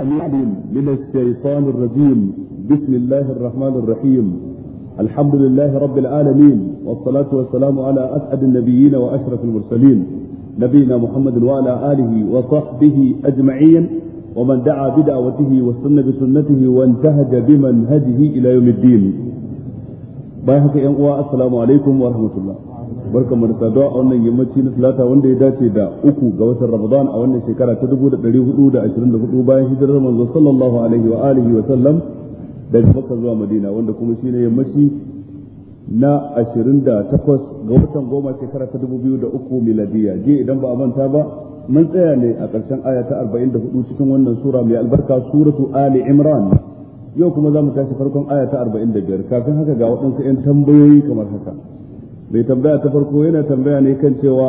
العليم من الشيطان الرجيم بسم الله الرحمن الرحيم الحمد لله رب العالمين والصلاة والسلام على أسعد النبيين وأشرف المرسلين نبينا محمد وعلى آله وصحبه أجمعين ومن دعا بدعوته واستنى بسنته وانتهج بمنهجه إلى يوم الدين بايحك السلام عليكم ورحمة الله barka mu da saduwa a wannan yammaci na talata wanda ya dace da uku ga watan ramadan a wannan shekara ta dubu da ɗari hudu da ashirin da hudu bayan hijirar manzo sallallahu alaihi wa alihi wa sallam daga makka zuwa madina wanda kuma shine yammaci na ashirin da takwas ga watan goma shekara ta dubu biyu da uku miladiya je idan ba a manta ba mun tsaya ne a ƙarshen aya ta arba'in da hudu cikin wannan sura mai albarka suratu ali imran yau kuma za mu tashi farkon aya ta arba'in da biyar kafin haka ga waɗansu 'yan tambayoyi kamar haka mai tambaya ta farko yana tambaya ne kan cewa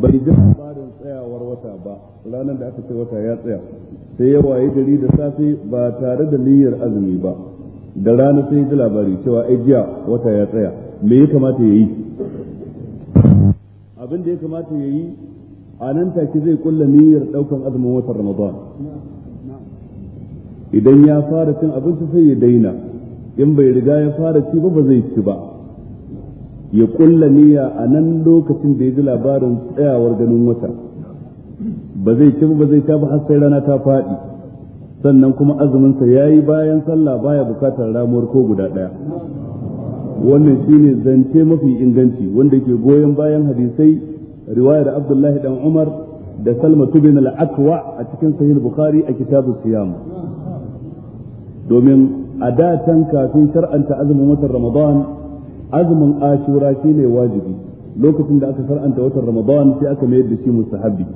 bai ji labarin tsayawar wata ba ranar da aka ce wata ya tsaya sai ya waye gari da safe ba tare da niyyar azumi ba da rana sai ji labari cewa ai jiya wata ya tsaya me ya kamata ya yi abin da ya kamata ya yi a nan take zai kulla niyyar daukan azumin watan ramadan idan ya fara cin abinci sai ya daina in bai riga ya fara ci ba ba zai ci ba ya kulla niyya a nan lokacin da ya ji labarin tsayawar ganin wata ba zai ci ba zai sha ba har sai rana ta faɗi sannan kuma azuminsa ya yi bayan sallah baya bukatar ramuwar ko guda ɗaya wannan shine zance mafi inganci wanda ke goyon bayan hadisai riwayar abdullahi dan umar da salma bin al aqwa a cikin sahih bukhari a kitabu siyam domin a da can kafin shar'anta azumin watan ramadan azumin ashura shi ne wajibi lokacin da aka faranta watan ramadan sai aka mayar da shi mustahabbi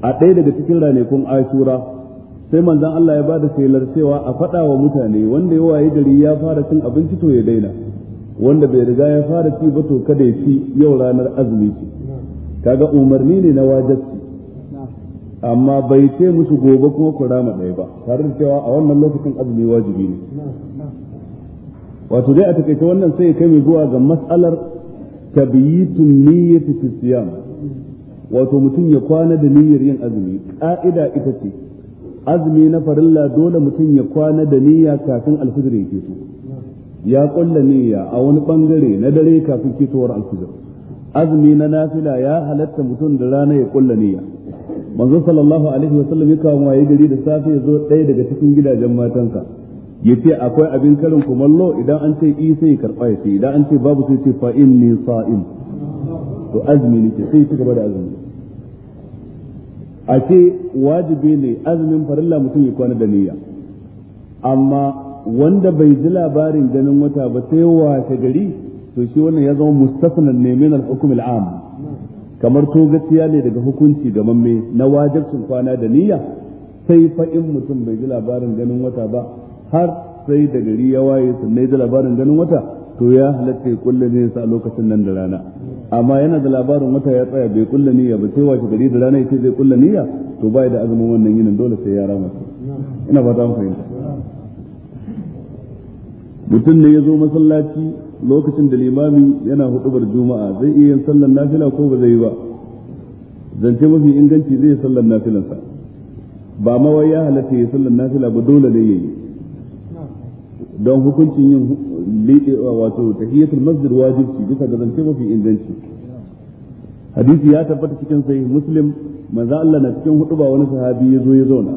a ɗaya daga cikin ranakun ashura sai manzon Allah ya bada shelar cewa a faɗa wa mutane wanda ya waye gari ya fara cin abinci to ya daina wanda bai riga ya fara ci ba to kada ya ci yau ranar azumi ce kaga umarni ne na wajibi amma bai ce musu gobe kuma ku rama ɗaya ba tare da cewa a wannan lokacin azumi wajibi ne wato dai a takaice wannan sai kai mai zuwa ga mas'alar tabyitun niyyati fi siyam wato mutum ya kwana da niyyar yin azumi ka'ida ita ce azumi na farilla dole mutum ya kwana da niyya kafin alfijir ya fito ya kulla niyya a wani bangare na dare kafin fitowar alfijir azumi na nafila ya halatta mutum da rana ya kulla niyya manzo sallallahu alaihi wasallam ya kawo waye gari da safe ya zo ɗaya daga cikin gidajen matanka yace akwai abin karin kumallo idan an ce i sai karba ya ce idan an ce babu sai ce fa inni sa'im to azumi ne sai ci gaba da azumi a ce wajibi ne azumin farilla mutum ya kwana da niyya amma wanda bai ji labarin ganin wata ba sai washe gari to shi wannan ya zama mustafnan ne min al-hukm al-am kamar togaciya ne daga hukunci ga mamme na wajibcin kwana da niyya sai fa in mutum bai ji labarin ganin wata ba har sai da gari ya waye sannan da labarin ganin wata to ya halatta ya kulle ne sa lokacin nan da rana amma yana da labarin wata ya tsaya bai kulle niyya ba sai wace gari da rana yace zai kulle niyya to bai da azumin wannan yinin dole sai ya rama ina ba ta mu fahimta mutum ne ya zo masallaci lokacin da limami yana hudubar juma'a zai iya yin sallar nafila ko ba zai yi ba zance mafi inganci zai yi sallar nafilansa ba ma ya halatta ya sallar nafila ba dole ne yayi don hukuncin yin liɗe wato tahiyatul masjid wajibci bisa ga zance mafi inganci hadisi ya tabbata cikin sai muslim manzo Allah na cikin hudu ba wani sahabi ya zo ya zauna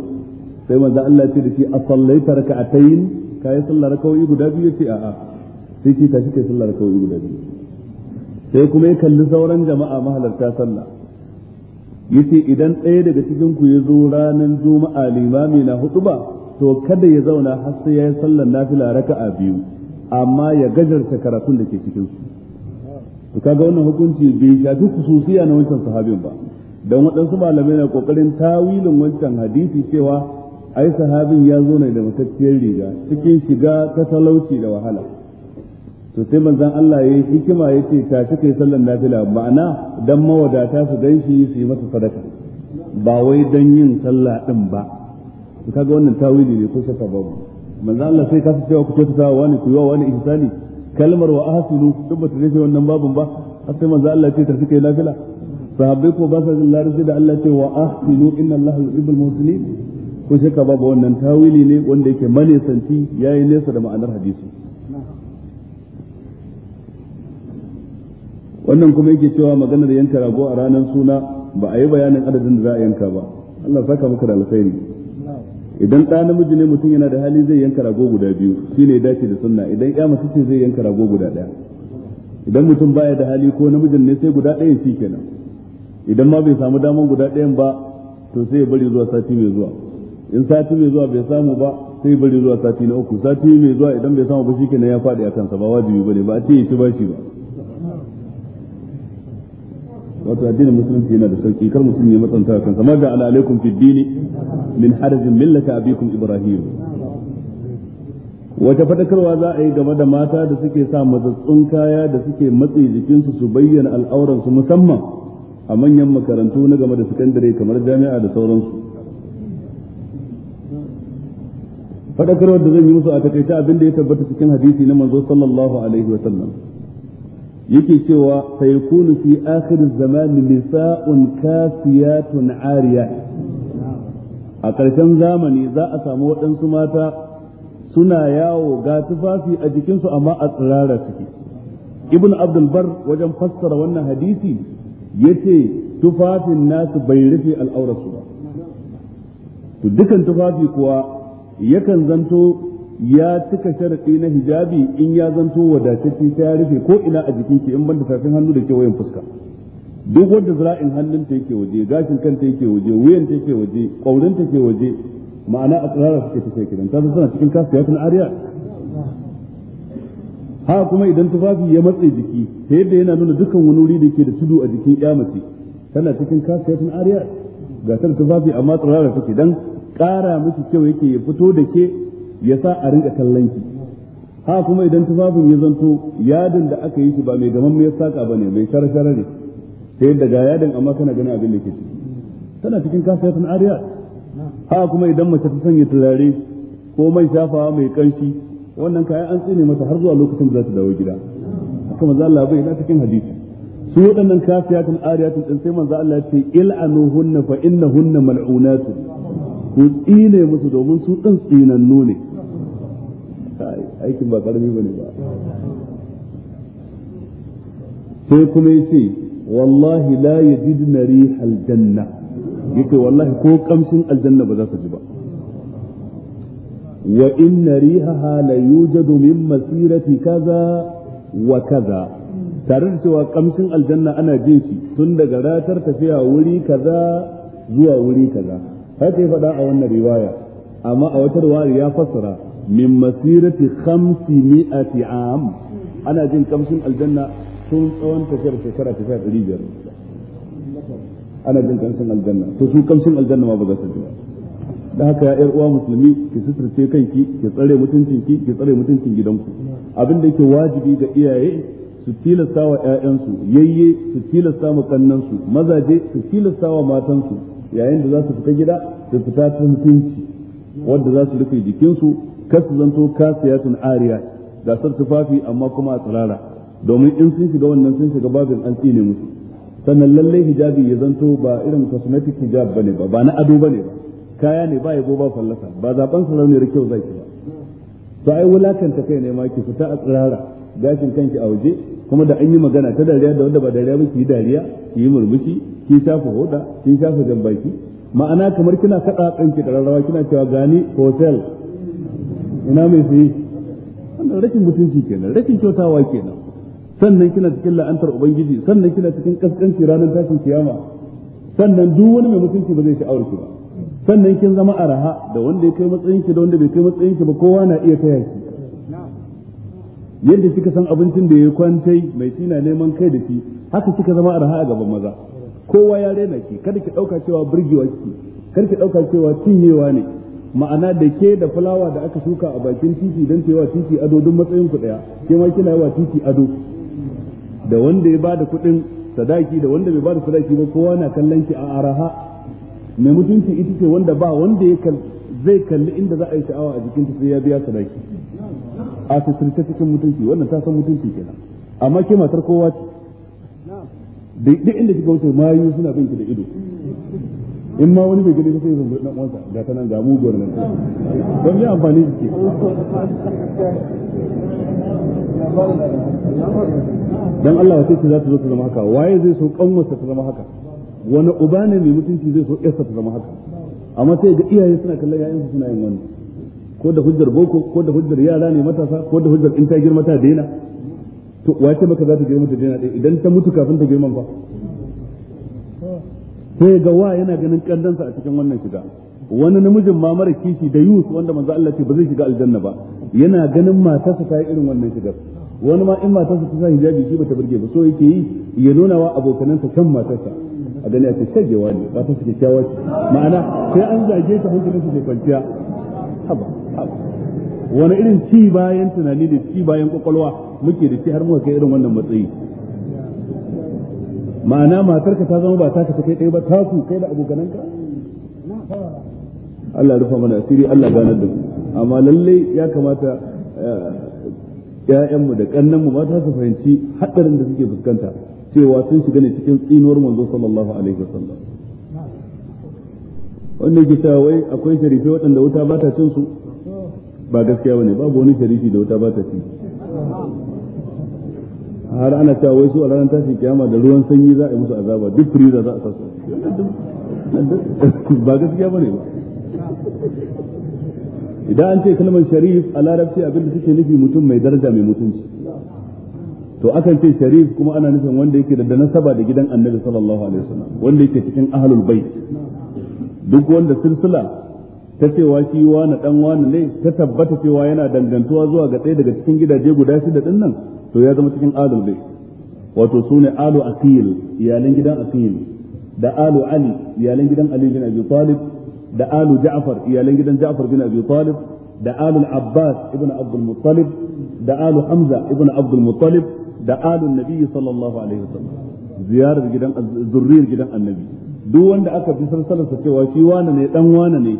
sai manzo Allah ya ce da shi asallaita raka'atayn kai sallar raka'o'i guda biyu yace a'a sai ki tashi kai sallar raka'o'i guda biyu sai kuma ya kalli sauran jama'a mahalarta sallah yace idan ɗaya daga cikin ku ya zo ranar juma'a limami na hudu ba to kada ya zauna har sai ya yi sallar nafila raka'a biyu amma ya gajarta karatun da ke cikin su to kaga wannan hukunci bai shafi kususiya na wancan sahabin ba dan waɗansu malamai na kokarin tawilin wancan hadisi cewa ai sahabin ya zo ne da matacciyar riga cikin shiga ta talauci da wahala to sai manzon Allah yayi hikima yace ta kai sallar nafila ma'ana dan mawadata su ganshi su yi masa sadaka ba wai dan yin sallah din ba to kaga wannan tawili ne ko shakka babu manzo Allah sai ka cewa ku kyautata wa wani ku yi wa wani ihsani kalmar wa ahsulu duk ba ta dace wannan babun ba har sai manzo Allah ce tafi kai nafila sahabbai ko ba sa jin larabci da Allah ce wa ahsulu inna Allah yuhibbul muslimin ko shakka babu wannan tawili ne wanda yake manesanci yayi nesa da ma'anar hadisi wannan kuma yake cewa da yanka rago a ranar suna ba a yi bayanin adadin da za a yanka ba Allah saka muku da alkhairi idan ɗa namiji ne mutum yana da hali zai yanka rago guda biyu shine ya dace da sunna idan ya mace ce zai yanka rago guda ɗaya idan mutum baya da hali ko namijin ne sai guda ɗaya shi kenan idan ma bai samu daman guda ɗayan ba to sai ya bari zuwa sati mai zuwa in sati mai zuwa bai samu ba sai bari zuwa sati na uku sati mai zuwa idan bai samu ba shi kenan ya faɗi a kansa ba wajibi ba ne ba a ce ya ci bashi ba wato addinin musulunci yana da sauki kar musulmi ya matsanta kan kamar da ala alaikum fi dini min harajin millata abikum ibrahim wata fadakarwa za a yi game da mata da suke sa matsatsun kaya da suke matsi jikinsu su bayyana al'auransu musamman a manyan makarantu na game da sakandare kamar jami'a da sauransu fadakarwar da zan yi musu a takaita abin da ya tabbata cikin hadisi na manzo sallallahu alaihi wa sallam yake cewa fa yakunu fi akhir zaman nisa'un kasiyatun ariya a ƙarshen zamani za a samu waɗansu mata suna yawo ga tufafi a jikinsu amma a tsirara suke ibn abdul bar wajen fassara wannan hadisi yace tufafin nasu bai rufe al'aurarsu ba to dukan tufafi kuwa yakan zanto ya cika sharaɗi na hijabi in ya zanto wadatacce ta ya rufe ko ina a jikin ke in banda tafin hannu da kewayen fuska duk wanda zira'in ta yake waje gashin kan ta yake waje wuyan ta yake waje ta ke waje ma'ana a tsirara suke ta kidan ta suna cikin ya kasiyatun ariya ha kuma idan tufafi ya matse jiki ta yadda yana nuna dukkan wani wuri da ke da tudu a jikin ya mace tana cikin ya kasiyatun ariya gasar tufafi amma tsirara suke dan ƙara miki kyau yake ya fito da ke ya sa a rinka kallon ki ha kuma idan tufafin ya zanto yadin da aka yi shi ba mai gaman mai saka bane mai sharshara ne ta yadda ga yadin amma kana ganin abin da ke ciki tana cikin kasayatun ariya ha kuma idan mace ta sanya turare ko mai shafawa mai kanshi wannan kayan an tsine mata har zuwa lokacin da za ta dawo gida haka manzo Allah bai da cikin hadisi su waɗannan kasiyatun ariyatun din sai manzo Allah ya ce il'anuhunna fa innahunna mal'unatun ku tsine musu domin su din tsinannu ne aikin ba karami bane ba sai kuma yace wallahi la na rihal janna yake wallahi ko kamshin aljanna ba za ka ji ba wa na rihaha la yujadu min masirati kaza wa kaza tare da cewa kamshin aljanna ana jin shi tun daga ratar tafiya wuri kaza zuwa wuri kaza haka ya faɗa a wannan riwaya amma a wata riwaya ya fassara min masirati khamsi mi'ati am ana jin kamshin aljanna sun tsawon tafiyar shekara tafiya ɗari biyar ana jin kamshin aljanna to su kamshin aljanna ma ba za su ji da haka ya ƴar uwa musulmi ki suturce kanki ki tsare mutuncin ki ki tsare mutuncin gidanku abin da yake wajibi ga iyaye su tilasta wa ƴaƴansu yayye su tilasta ma kannansu mazaje su tilasta wa matansu yayin da za su fita gida su fita ta mutunci wanda za su rufe jikinsu kasu zanto kasiyatun ariya gasar tufafi amma kuma a tsirara domin in sun shiga wannan sun shiga babin an tsine musu sannan lallai hijabi ya zanto ba irin cosmetic hijab bane ba ba na ado bane ba kaya ne ba yabo ba fallasa ba zaben sarauniyar kyau ki ba to ai wulakanta kai ne ma ki fita a tsirara gashin kanki a waje kuma da an yi magana ta dariya da wanda ba dariya ba ki dariya ki yi murmushi ki shafa hoda ki shafa jambaki ma'ana kamar kina kada kanki da rarrawa kina cewa gani hotel ina mai sai wannan rashin mutunci kenan rashin kyautawa kenan sannan kina cikin la'antar ubangiji sannan kina cikin kaskanci ranar tashin kiyama sannan duk wani mai mutunci ba zai sha'awar ki ba sannan kin zama araha da wanda ya kai matsayin ki da wanda bai kai matsayin ki ba kowa na iya taya ki yadda kika san abincin da ya kwantai mai tina neman kai da shi haka kika zama araha a gaban maza kowa ya rena ki kada ki dauka cewa burgewa ki kada ki dauka cewa cinyewa ne ma'ana da ke da fulawa da aka shuka a bakin titi don wa titi ado don matsayin ku daya ke ma kina yawa titi ado da wanda ya bada kuɗin sadaki da wanda bai bada sadaki ba kowa na kallon ki a araha mai mutunci ita ce wanda ba wanda ya zai kalli inda za a yi sha'awa a jikinta sai ya biya sadaki a sisirce cikin mutunci wannan ta san mutunci kenan amma ke matar kowa ce duk inda kika wuce mayu suna bin ki da ido in ma wani bai gani sai zan dan uwansa ga ta nan ga mu gwan nan don yi amfani ke dan Allah wace ce za ta zo ta zama haka waye zai so kanwarsa ta zama haka wani uba ne mai mutunci zai so yarsa ta zama haka amma sai ga iyaye suna kallon yayansu suna yin wani ko da hujjar boko ko da hujjar yara ne matasa ko da hujjar in ta girma ta daina to wace maka za ta girma ta daina idan ta mutu kafin ta girma ba sai ga wa yana ganin kandansa a cikin wannan shiga wani namijin ma mara kishi da yus wanda manzo Allah ce ba zai shiga aljanna ba yana ganin matarsa ta yi irin wannan shigar wani ma in matarsa ta sa hijabi shi bata burge ba so yake yi ya nuna wa abokanansa kan matarsa a gani a ce shagewa ne ba ta suke kyawa ce ma'ana sai an zage ta hankalin su ke kwanciya haba wani irin ci bayan tunani da ci bayan kwakwalwa muke da shi har muka kai irin wannan matsayi ma'ana matarka ta zama ba ta ka kai ɗaya ba ta ku kai da abokananka Allah rufa mana asiri Allah ganar da ku. amma lalle ya kamata eh, ƴaƴanmu da kannanmu mata su fahimci haɗarin da suke fuskanta cewa sun shiga ne cikin tsinuwar manzo sallallahu alaihi wasallam wanda ke cewa wai akwai sharifi waɗanda wuta ba ta cin su ba gaskiya bane babu wani sharifi da wuta ba ta cin su har ana cewa wai su a ranar tashin kiyama da ruwan sanyi za a yi musu azaba duk firiza za a sa su ba gaskiya bane ba idan an ce kalmar sharif a larabci abin da take nufi mutum mai daraja mai mutunci to akan ce sharif kuma ana nufin wanda yake da nasaba da gidan annabi sallallahu alaihi wasallam wanda yake cikin ahlul bait duk wanda silsila ta cewa shi wani dan wani ne ta tabbata cewa yana dangantuwa zuwa ga ɗaya daga cikin gidaje guda shida din nan to ya zama cikin alu ne wato su ne alu aqil iyalan gidan aqil da alu ali iyalan gidan ali bin abi talib da alu ja'far iyalan gidan ja'far bin abi talib da alu abbas ibn abdul muttalib da alu hamza ibn abdul muttalib da alu nabi sallallahu alaihi wasallam ziyarar gidan zurriyar gidan annabi duk wanda aka bi sarsalarsa cewa shi wani ne dan wani ne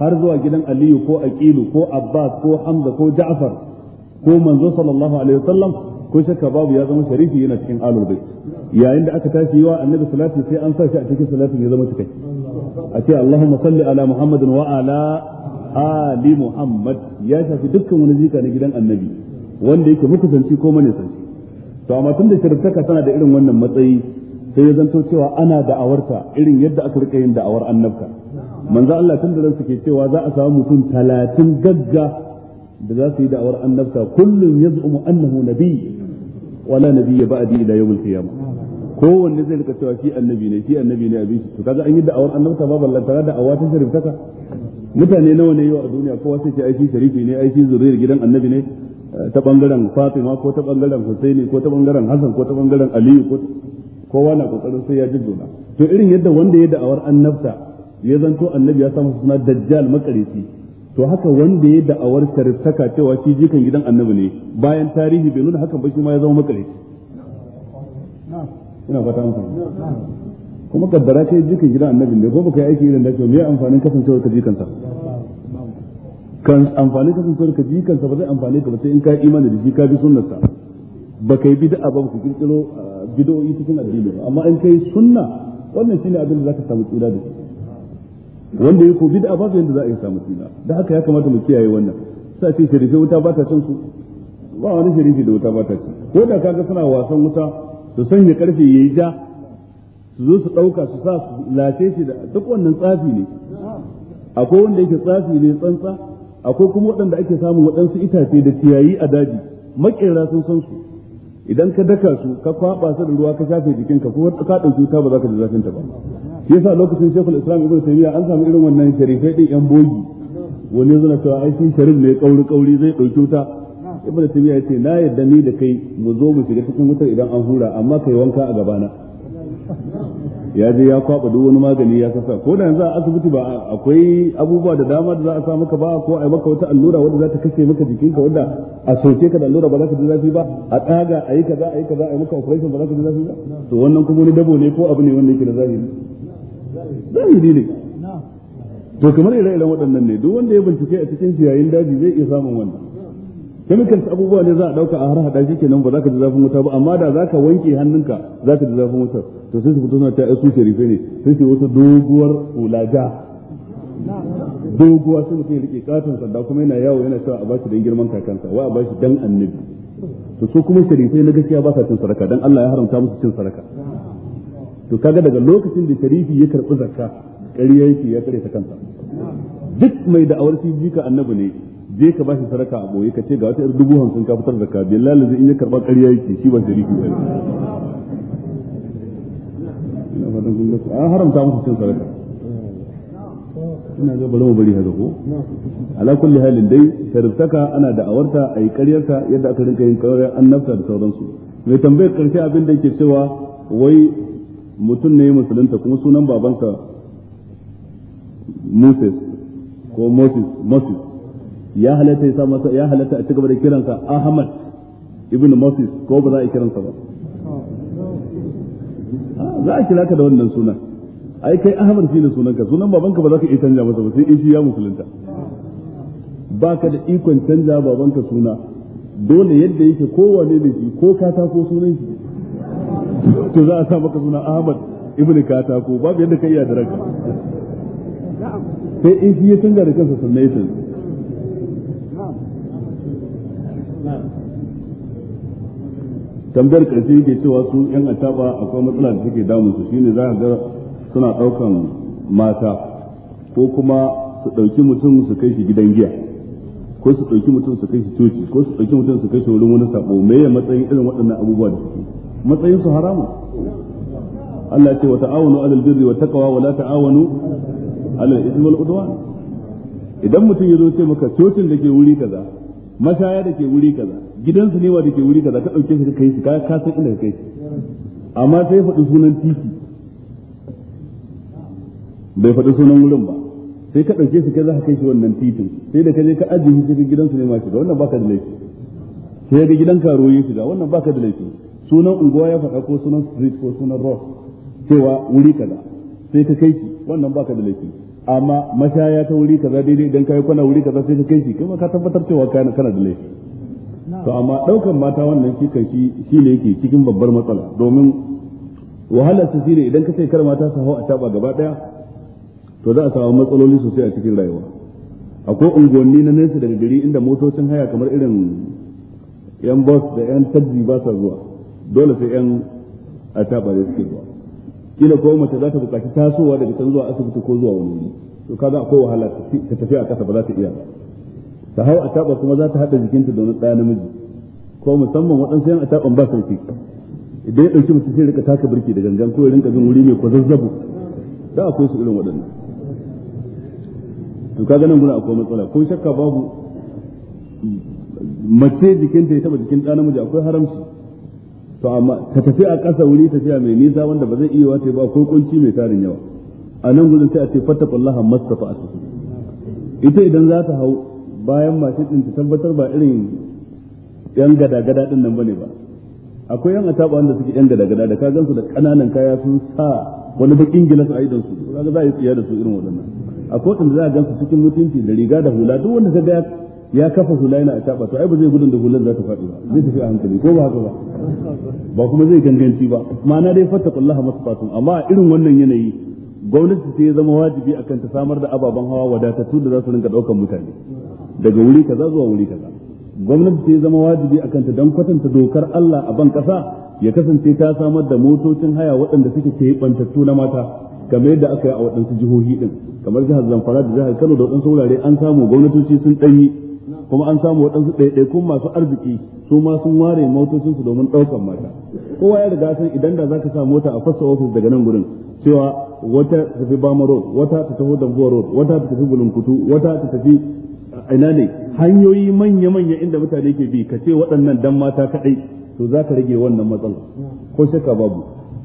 har zuwa gidan aliyu ko aqilu ko abbas ko hamza ko ja'far ko manzo sallallahu alaihi wasallam ko shakka babu ya zama sharifi yana cikin alul bait yayin da aka tashi yi wa annabi salati sai an sa shi a cikin salatin ya zama cikai a ce allahumma salli ala muhammadin wa ala ali muhammad ya shafi dukkan wani zika na gidan annabi wanda yake mukusanci ko manisanci to amma tun da shirkaka tana da irin wannan matsayi sai ya zanto cewa ana da'awarta irin yadda aka rika yin da'awar annabka. manzo Allah tun da ransu suke cewa za a samu mutum talatin gagga da za su yi da'awar annabta kullum yaz'umu annahu nabiy wala nabiyya ba'di ila yawmil qiyamah kowanne zai rika cewa shi annabi ne shi annabi ne abin shi to kaga an yi da'awar annabta ba ballantana da'awa ta shariftaka mutane nawa ne yau a duniya kowa sai ce ai shi sharifi ne ai shi zuriyar gidan annabi ne eh, ta bangaren Fatima ko ta bangaren Husaini ko ta bangaren Hassan ko ta bangaren Aliyu ko kowa na kokarin sai ya jiddo to irin yadda wanda ya da'awar annabta ya zanto annabi ya samu suna dajjal makarici to haka wanda ya da'awar sharifsaka cewa shi jikan gidan annabi ne bayan tarihi bai nuna hakan ba shi ma ya zama makarici ina fata an kuma kaddara kai jikan gidan annabi ne ko baka yi aiki irin da ke amfani amfanin kasancewar ka jikansa kan amfani kasancewar ka jikansa ba zai amfani ka ba sai in ka imani da shi ka bi sa ba kai bid'a ba ku kirkiro ah, bid'o'i cikin addini amma in kai sunna wannan shine abin da zaka samu tsira da shi wanda ya ko bid'a babu yanda za a yi samu tsira da haka ya kamata mu kiyaye wannan sa ce sharifi wuta ba ta su ba wani sharifi da wuta ba ta ci ko da kaga suna wasan wuta su sanya karfe yayi ja su zo su dauka su sa su lace shi da duk wannan tsafi ne akwai wanda yake tsafi ne tsantsa akwai kuma waɗanda ake samun waɗansu itace da ciyayi a daji makera sun san su idan ka daka su ka kwaba su da ruwa ka shafe jikinka ko ka ɗauki wuta ba za ka ji zafinta ba shi yasa lokacin shekul islam ibn taymiya an samu irin wannan sharifai din yan bogi wani zana cewa ai shi sharif ne kauri kauri zai dauki wuta ibn taymiya yace na yadda ni da kai mu zo mu shiga cikin wutar idan an hura amma kai wanka a gabana ya je ya kwaba duk wani magani ya sassa ko da yanzu a asibiti ba akwai abubuwa da dama da za a sa maka ba ko a maka wata allura wanda za ta kashe maka jikinka wanda a soke ka da allura ba za ka ji zafi ba a tsaga a yi kaza a yi kaza a yi maka operation ba za ka ji zafi ba to wannan kuma wani dabo ne ko abu ne wanda yake da zahiri zahiri ne to kamar ire-iren waɗannan ne duk wanda ya bincike a cikin ciyayin daji zai iya samun wannan chemicals abubuwa ne za a dauka a har hada shi kenan ba za ka ji zafin wuta ba amma da za ka wanke hannunka za ka ji zafin wuta to sai su fito suna ta su sharife ne sai su wata doguwar ulaga doguwa sai mutum ya rike katon sanda kuma yana yawo yana cewa a bashi dan girman kakansa wa a bashi dan annabi to su kuma sharife na gaskiya ba sa cin saraka dan Allah ya haramta musu cin saraka to kaga daga lokacin da sharifi ya karɓi zakka ƙarya yake ya kare ta kansa duk mai da'awar shi jika annabi ne je ka bashi sadaka a boye ka ce ga wata dubu hamsin ka fitar zakka billahi lazai in ya karɓa ƙarya yake shi ba sharifi ba an haramta musu cin sadaka ina ga bari mu bari haka ko ala kulli halin dai shartaka ana da'awarta ayi ƙaryarta yadda aka rinka yin ƙaryar annabta da sauransu mai tambayar karshe abin da yake cewa wai mutum ne musulunta kuma sunan babanka Moses ko Moses Moses ya halatta ya masa ya halatta a cigaba da kiransa Ahmad ibn Moses ko ba za a kiransa ba za a kira ka da wannan sunan ai kai Ahmad shine sunanka sunan babanka ba za ka iya canja masa ba sai in shi ya musulunta ba ka da ikon canja babanka suna dole yadda yake kowane da shi ko ka ko sunan shi to za a sa maka suna Ahmad ibn Katako babu yadda ka iya daraka sai in shi ya canza da kansa sannan ya tambayar karshe yake cewa su yan ataba akwai matsala da take damun su shine za ga suna daukan mata ko kuma su dauki mutum su kai shi gidan giya ko su dauki mutum su kai shi coci ko su dauki mutum su kai shi wurin wani sabo me ya matsayin irin waɗannan abubuwa da suke matsayin su harama Allah ce wa ta'awunu alal birri wa taqwa wa la ta'awunu alal ithmi wal udwan idan mutum ya zo ce maka cocin da ke wuri kaza mashaya da ke wuri kaza gidansu ne wa da ke wuri kaza ka dauke shi ka kai shi ka ka san inda kai shi amma sai faɗi sunan titi bai faɗi sunan wurin ba sai ka ɗauke shi kai za ka kai shi wannan titin sai da ka je ka ajiye shi cikin gidansu ne ma shiga wannan baka da laifi sai ga gidan karuwa shi ga wannan baka da laifi sunan unguwa ya faɗa ko sunan street ko sunan road cewa wuri kaza sai ka kai shi wannan baka da laifi amma mashaya ta wuri kaza daidai idan kai kwana wuri kaza sai ka kai shi kuma ka tabbatar cewa kana kana da laifi to amma daukan mata wannan shi kan shi ne yake cikin babbar matsala domin wahalar su shine idan ka ce kar mata su hau a taba gaba daya to za a samu matsaloli sosai a cikin rayuwa akwai unguwanni na nesa daga gari inda motocin haya kamar irin yan bus da yan taxi ba sa zuwa dole sai yan a taba da suke zuwa kila ko mace za ta bukaci tasowa daga can zuwa asibiti ko zuwa wani wuri to kaga akwai wahala ta tafi a kasa ba za ta iya ba ta hau a taba kuma za ta haɗa jikinta da wani ɗaya namiji ko musamman waɗansu yan a taban ba sarki idan ya ɗauki mutum sai rika taka birki da gangan ko ya rinka bin wuri mai kwazazzabo da akwai su irin waɗannan to kaga nan a akwai matsala ko shakka babu mace jikinta ya taba jikin ɗan namiji akwai haramci to amma ka tafi a ƙasa wuri tafiya mai nisa wanda ba zai iya wace ba ko kunci mai tarin yawa a nan gudun sai a ce fattakullaha mastafa'atu ita idan za ta hau bayan mashi ɗin ta tabbatar ba irin yan gada-gada din nan bane ba akwai yan ataba wanda suke yan gada-gada da ka gansu da ƙananan kaya sun sa wani Ingila su a idan su kaga za a yi tsiya da su irin waɗannan akwai wanda za a gansu cikin mutunci da riga da hula duk wanda ka ga ya kafa hula yana a taba to ai ba zai gudun da hular za ta faɗi ba zai tafi a hankali ko ba haka ba ba kuma zai ganganci ba ma'ana dai fattakullah masfatun amma irin wannan yanayi gwamnati ce ya zama wajibi akan ta samar da ababen hawa wadatattu da za su rinka ɗaukan mutane daga wuri kaza zuwa wuri kaza gwamnati ce ya zama wajibi akan ta don kwatanta dokar Allah a ban kasa ya kasance ta samar da motocin haya waɗanda suke keɓantattu na mata kamar yadda aka yi a waɗansu jihohi ɗin kamar jihar zamfara da jihar kano da waɗansu wurare an samu gwamnatoci sun ɗanyi kuma an samu waɗansu kuma masu arziki su ma sun ware motocinsu domin ɗaukar mata kowa ya riga san idan da zaka sa mota a fassa ofis daga nan gurin cewa wata ta tafi bama road wata ta tafi dambuwa road wata ta tafi bulunkutu wata ta tafi ina ne hanyoyi manya-manya inda mutane ke bi ka ce waɗannan dan mata kaɗai to za ka rage wannan matsala ko shakka babu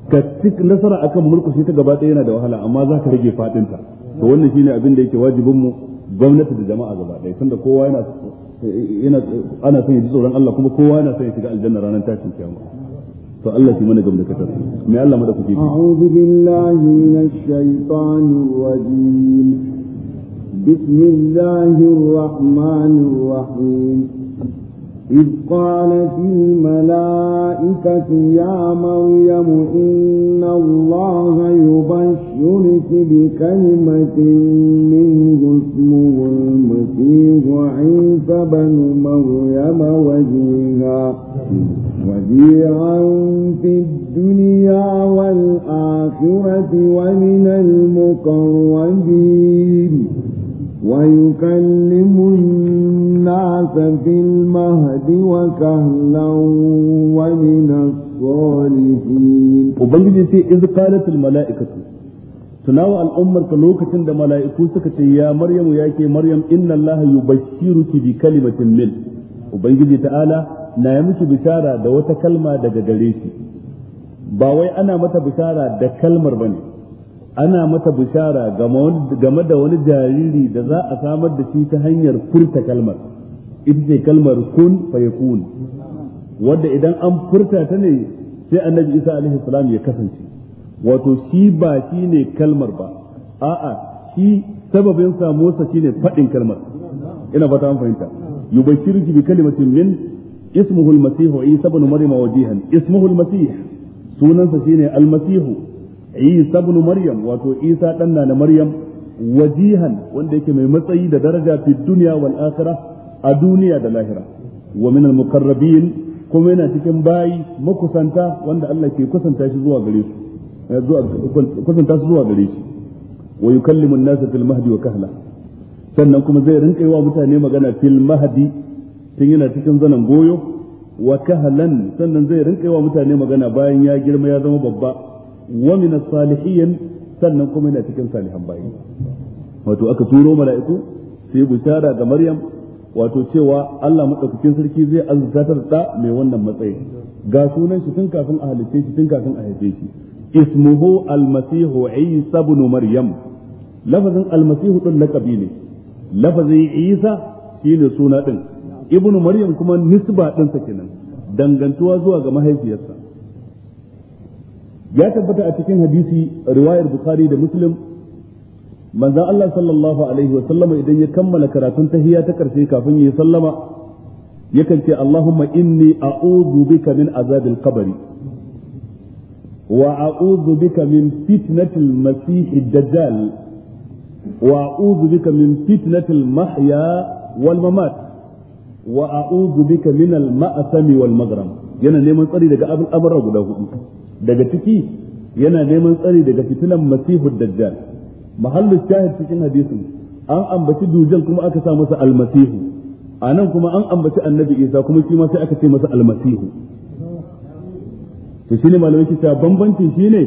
ka nasara akan murkushe ta gaba ɗaya yana da wahala amma za ka rage faɗinta to wannan shine abin da yake wajibinmu gwamnati da jama'a gaba ɗaya tunda kowa yana yana ana son ya ji tsoron Allah kuma kowa yana son ya shiga aljanna ranar tashin kiyama to Allah shi mana gamda katar me Allah mada kuke a'udhu billahi minash shaitanir rajim bismillahir rahmanir rahim إذ قالت الملائكة يا مريم إن الله يبشرك بكلمة منه اسمه المسيح عيسى بن مريم وجيها وجيها في الدنيا والآخرة ومن المقربين ويكلم الناس في المهد وكهلا ومن الصالحين وبنجي سي إذ قالت الملائكة tunawa al'ummarka lokacin da mala'iku suka ce ya maryamu ya ke maryam inna allaha yubashshiruki bi kalimatin mil. ubangiji ta'ala na yi miki bishara da wata kalma daga gare shi ba wai ana mata bishara da kalmar bane ana mata bishara game da wani jariri da za a samar da shi ta hanyar furta kalmar ita ce kalmar kun fa wanda idan an furta ta ne sai annabi isa alaihi salam ya kasance wato shi ba shi ne kalmar ba a'a shi sababin samuwarsa ne faɗin kalmar ina fata an fahimta yubashiruki bi kalimatin min ismuhu al-masih isa ibn maryam wajihan ismuhu al sunansa shine Almasihu masih isa ibn maryam wato isa ɗan na maryam wajihan wanda yake mai matsayi da daraja fi dunya wal akhirah a duniya da lahira wa minal muqarrabin kuma yana cikin bayi makusanta wanda Allah ke kusanta shi zuwa gare su eh, kusanta shi zuwa gare shi wa yukallimu an-nasa fil mahdi wa kahla sannan kuma zai rinka yi wa mutane magana fil mahdi tun yana cikin zanen goyo wa kahlan sannan zai rinka yi wa mutane magana bayan ya girma ya zama babba wa min as-salihin sannan kuma yana cikin salihan bayi wato aka turo mala'iku sai bishara ga Maryam wato cewa Allah madaukakin sarki zai azurta da mai wannan matsayi ga sunan shi tun kafin a halitta shi tun kafin a haife shi ismuhu almasihu isa ibn maryam lafazin almasihu din lakabi ne lafazin isa shine suna din ibn maryam kuma nisba din sa kenan dangantuwa zuwa ga mahaifiyarsa ya tabbata a cikin hadisi riwayar bukhari da muslim manzon Allah sallallahu alaihi wa sallama idan ya kammala karatun tahiyya ta karshe kafin ya sallama yakan ce Allahumma inni a'udhu bika min azabil qabri wa a'udhu bika min fitnatil masiihid dajjal wa a'udhu bika min fitnatil mahya wal mamat wa a'udhu bika min al ma'sami wal maghram yana neman tsari daga abin amara guda hudu daga ciki yana neman tsari daga fitinan masihud dajjal mahallin shahid cikin hadisin an ambaci dujal kuma aka sa masa almasihu a nan kuma an ambaci annabi isa kuma shi ma sai aka ce masa almasihu to shine malamai ke cewa bambanci shine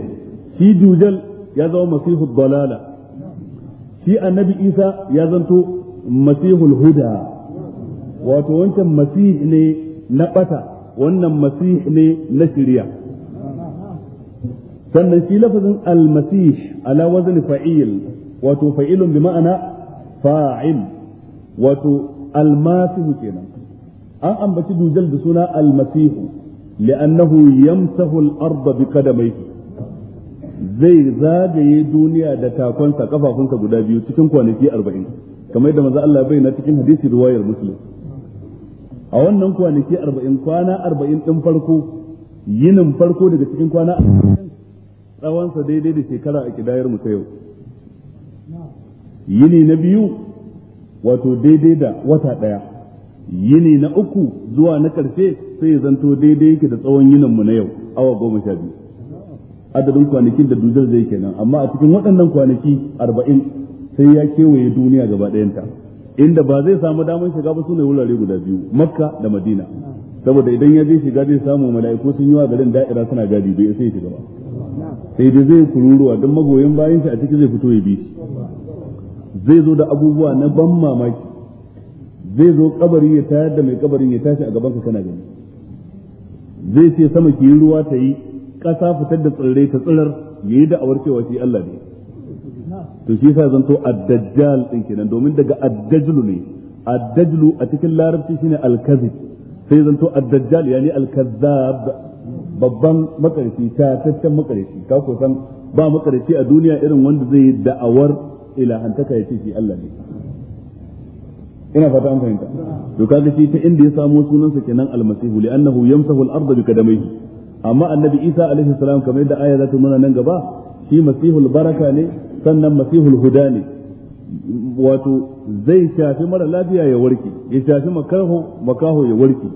shi dujal ya zama masihu dalala shi annabi isa ya zanto masihul huda wato wancan masih ne na bata wannan masih ne na shirya sannan shi lafazin almasih ala wazn fa'il wato fa'ilun bi ma'ana fa'il wato almasihu kenan an ambaci dujal da suna almasihu li'annahu yamsahu al-ardh bi qadamayhi zai zagaye duniya da takonsa kafafunsa guda biyu cikin kwanaki 40 kamar yadda manzo Allah bai na cikin hadisi riwayar muslim a wannan kwanaki 40 kwana 40 din farko yinin farko daga cikin kwana 40 tsawonsa daidai da shekara a kidayar mu ta yau yini na biyu wato daidai da wata ɗaya yini na uku zuwa na ƙarshe sai ya zanto daidai yake da tsawon yinin mu na yau awa goma sha biyu adadin kwanakin da dudar zai kenan amma a cikin waɗannan kwanaki arba'in sai ya kewaye duniya gaba ɗayanta inda ba zai samu damar shiga ba sune wurare guda biyu makka da madina saboda idan ya je shiga zai samu mala'iku sun yi wa garin da'ira suna gadi bai sai shiga ba sai dai zai kururuwa don magoyin bayan shi a ciki zai fito ya bi shi zai zo da abubuwa na ban mamaki zai zo kabari ya tayar da mai kabarin ya tashi a gabansa kana gani zai ce sama ki ruwa ta yi ƙasa fitar da tsirrai ta tsirar ya yi da'awar cewa shi Allah ne to shi sa zanto addajjal din kenan domin daga addajlu ne addajlu a cikin larabci shine al-kazib sai zanto addajjal yani al-kazzab babban makarfi ta taccen makarfi ka ko san ba makarfi a duniya irin wanda zai yi da'awar ilahantaka ya ce shi Allah ne ina fata an fahimta to kaga shi ta inda ya samo sunansa kenan almasihu li'annahu yamsahu al-ardha bi kadamaihi amma annabi Isa alaihi salam kamar yadda aya za ta nuna nan gaba shi masihul baraka ne sannan masihul huda ne wato zai shafi mara lafiya ya warke ya shafi makaho makaho ya warke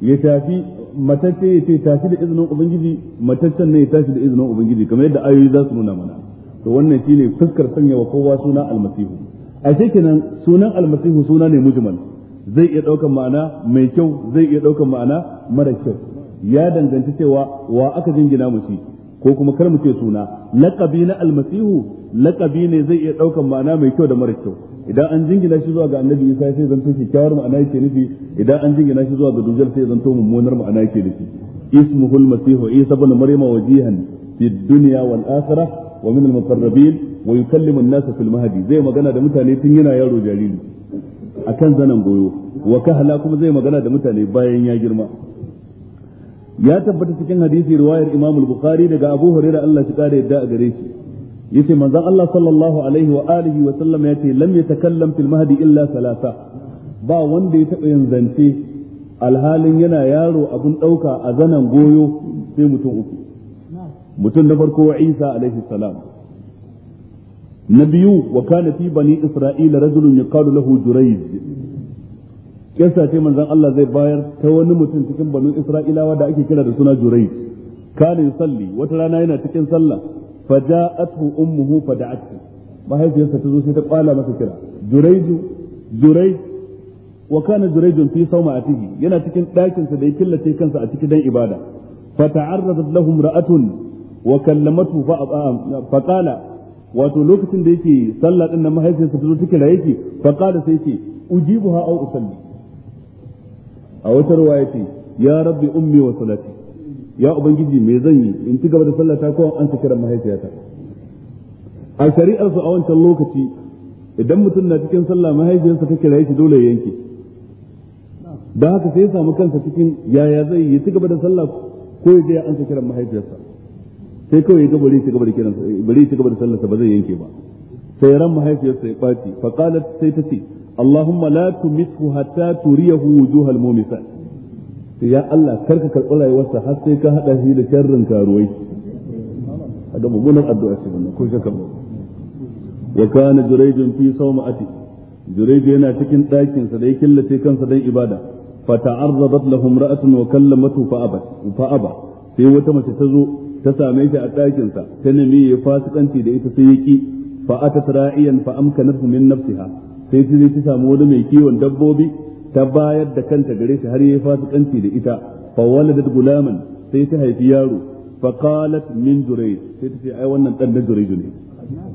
ya shafi matacce ya ce tashi da izinin ubangiji mataccen ne ya tashi da izinin ubangiji kamar yadda ayoyi za su nuna mana to wannan shine fuskar sanya wa kowa suna almasihu a kenan sunan almasihu suna ne mujmal zai iya daukar ma'ana mai kyau zai iya daukar ma'ana mara kyau ya danganci cewa wa aka jingina mu shi ko kuma kar mu ce suna laqabi na almasihu laqabi ne zai iya daukar ma'ana mai kyau da mara kyau idan an jingina shi zuwa ga annabi isa sai zanto kyakkyawar ma'ana yake nufi idan an jingina shi zuwa ga dujjal sai zanto mummunar ma'ana yake nufi ismuhul masihu isa ibn maryama wajihan fi dunya wal akhirah wa min al muqarrabin wa yukallimu an-nasa fil mahdi zai magana da mutane tun yana yaro jariri akan zanan goyo wa kahla kuma zai magana da mutane bayan ya girma ya tabbata cikin hadisi riwayar Imam al-Bukhari daga Abu Hurairah Allah shi kare yadda a gare shi yace manzon Allah sallallahu alaihi wa alihi wa sallam yace lam yatakallam fil mahdi illa salasa ba wanda ya taba yin zance alhalin yana yaro abun dauka a zanan goyo sai mutum uku mutum na farko Isa alaihi salam na biyu wa kana fi bani isra'ila rajulun yuqalu lahu jurayj kisa ce manzon Allah zai bayar ta wani mutum cikin banu isra'ilawa da ake kira da suna jurayj kana yusalli wata rana yana cikin sallah faja'athu ummuhu fada'athu mahaifiyarsa ta zo sai ta kwala masa kira juraiju jurai wa kana juraijun fi sawma'atihi yana cikin ɗakinsa da ya killace kansa a cikin dan ibada fata'arradat lahum ra'atun wa kallamatu fa fa qala wato lokacin da yake sallah din nan mahaifiyarsa ta zo take yake fa qala sai ce a wata ce ya rabbi ummi wa salati ya ubangiji me zan yi in ci gaba da ta ko an ci kiran mahaifiyata a shari'ar su a wancan lokaci idan mutum na cikin sallah mahaifiyarsa ta kira shi dole ya yanke don haka sai ya samu kansa cikin yaya zai yi ci gaba da sallah ko ya je an ci kiran mahaifiyarsa sai kawai ya ga bari ci gaba da kiran bari ci gaba da sallah ba zai yanke ba sai ran mahaifiyarsa ya kwaci fa qalat sai ta ce Allahumma la tumithu hatta turiyahu wujuhal mumisat sai ya Allah kar ka karɓi rayuwarsa har sai ka haɗa shi da sharrin karuwai a ga mummunan addu'a ce wannan ko shakka ba wa kana jurayjun fi sawma'ati jurayj yana cikin ɗakin sa da ya killace kansa dan ibada fa ta'arradat lahum ra'atun wa kallamatu fa abat fa aba sai wata mace ta zo ta same shi a ɗakin sa ta nemi ya fasikanci da ita sai yaki fa atat ra'iyan fa amkanatu min nafsiha sai ta ta samu wani mai kiwon dabbobi ta bayar da kanta gare shi har yayi fasikanci da ita fa waladat gulaman sai ta haifi yaro fa qalat min jurayj sai ta ce ai wannan dan da jurayj ne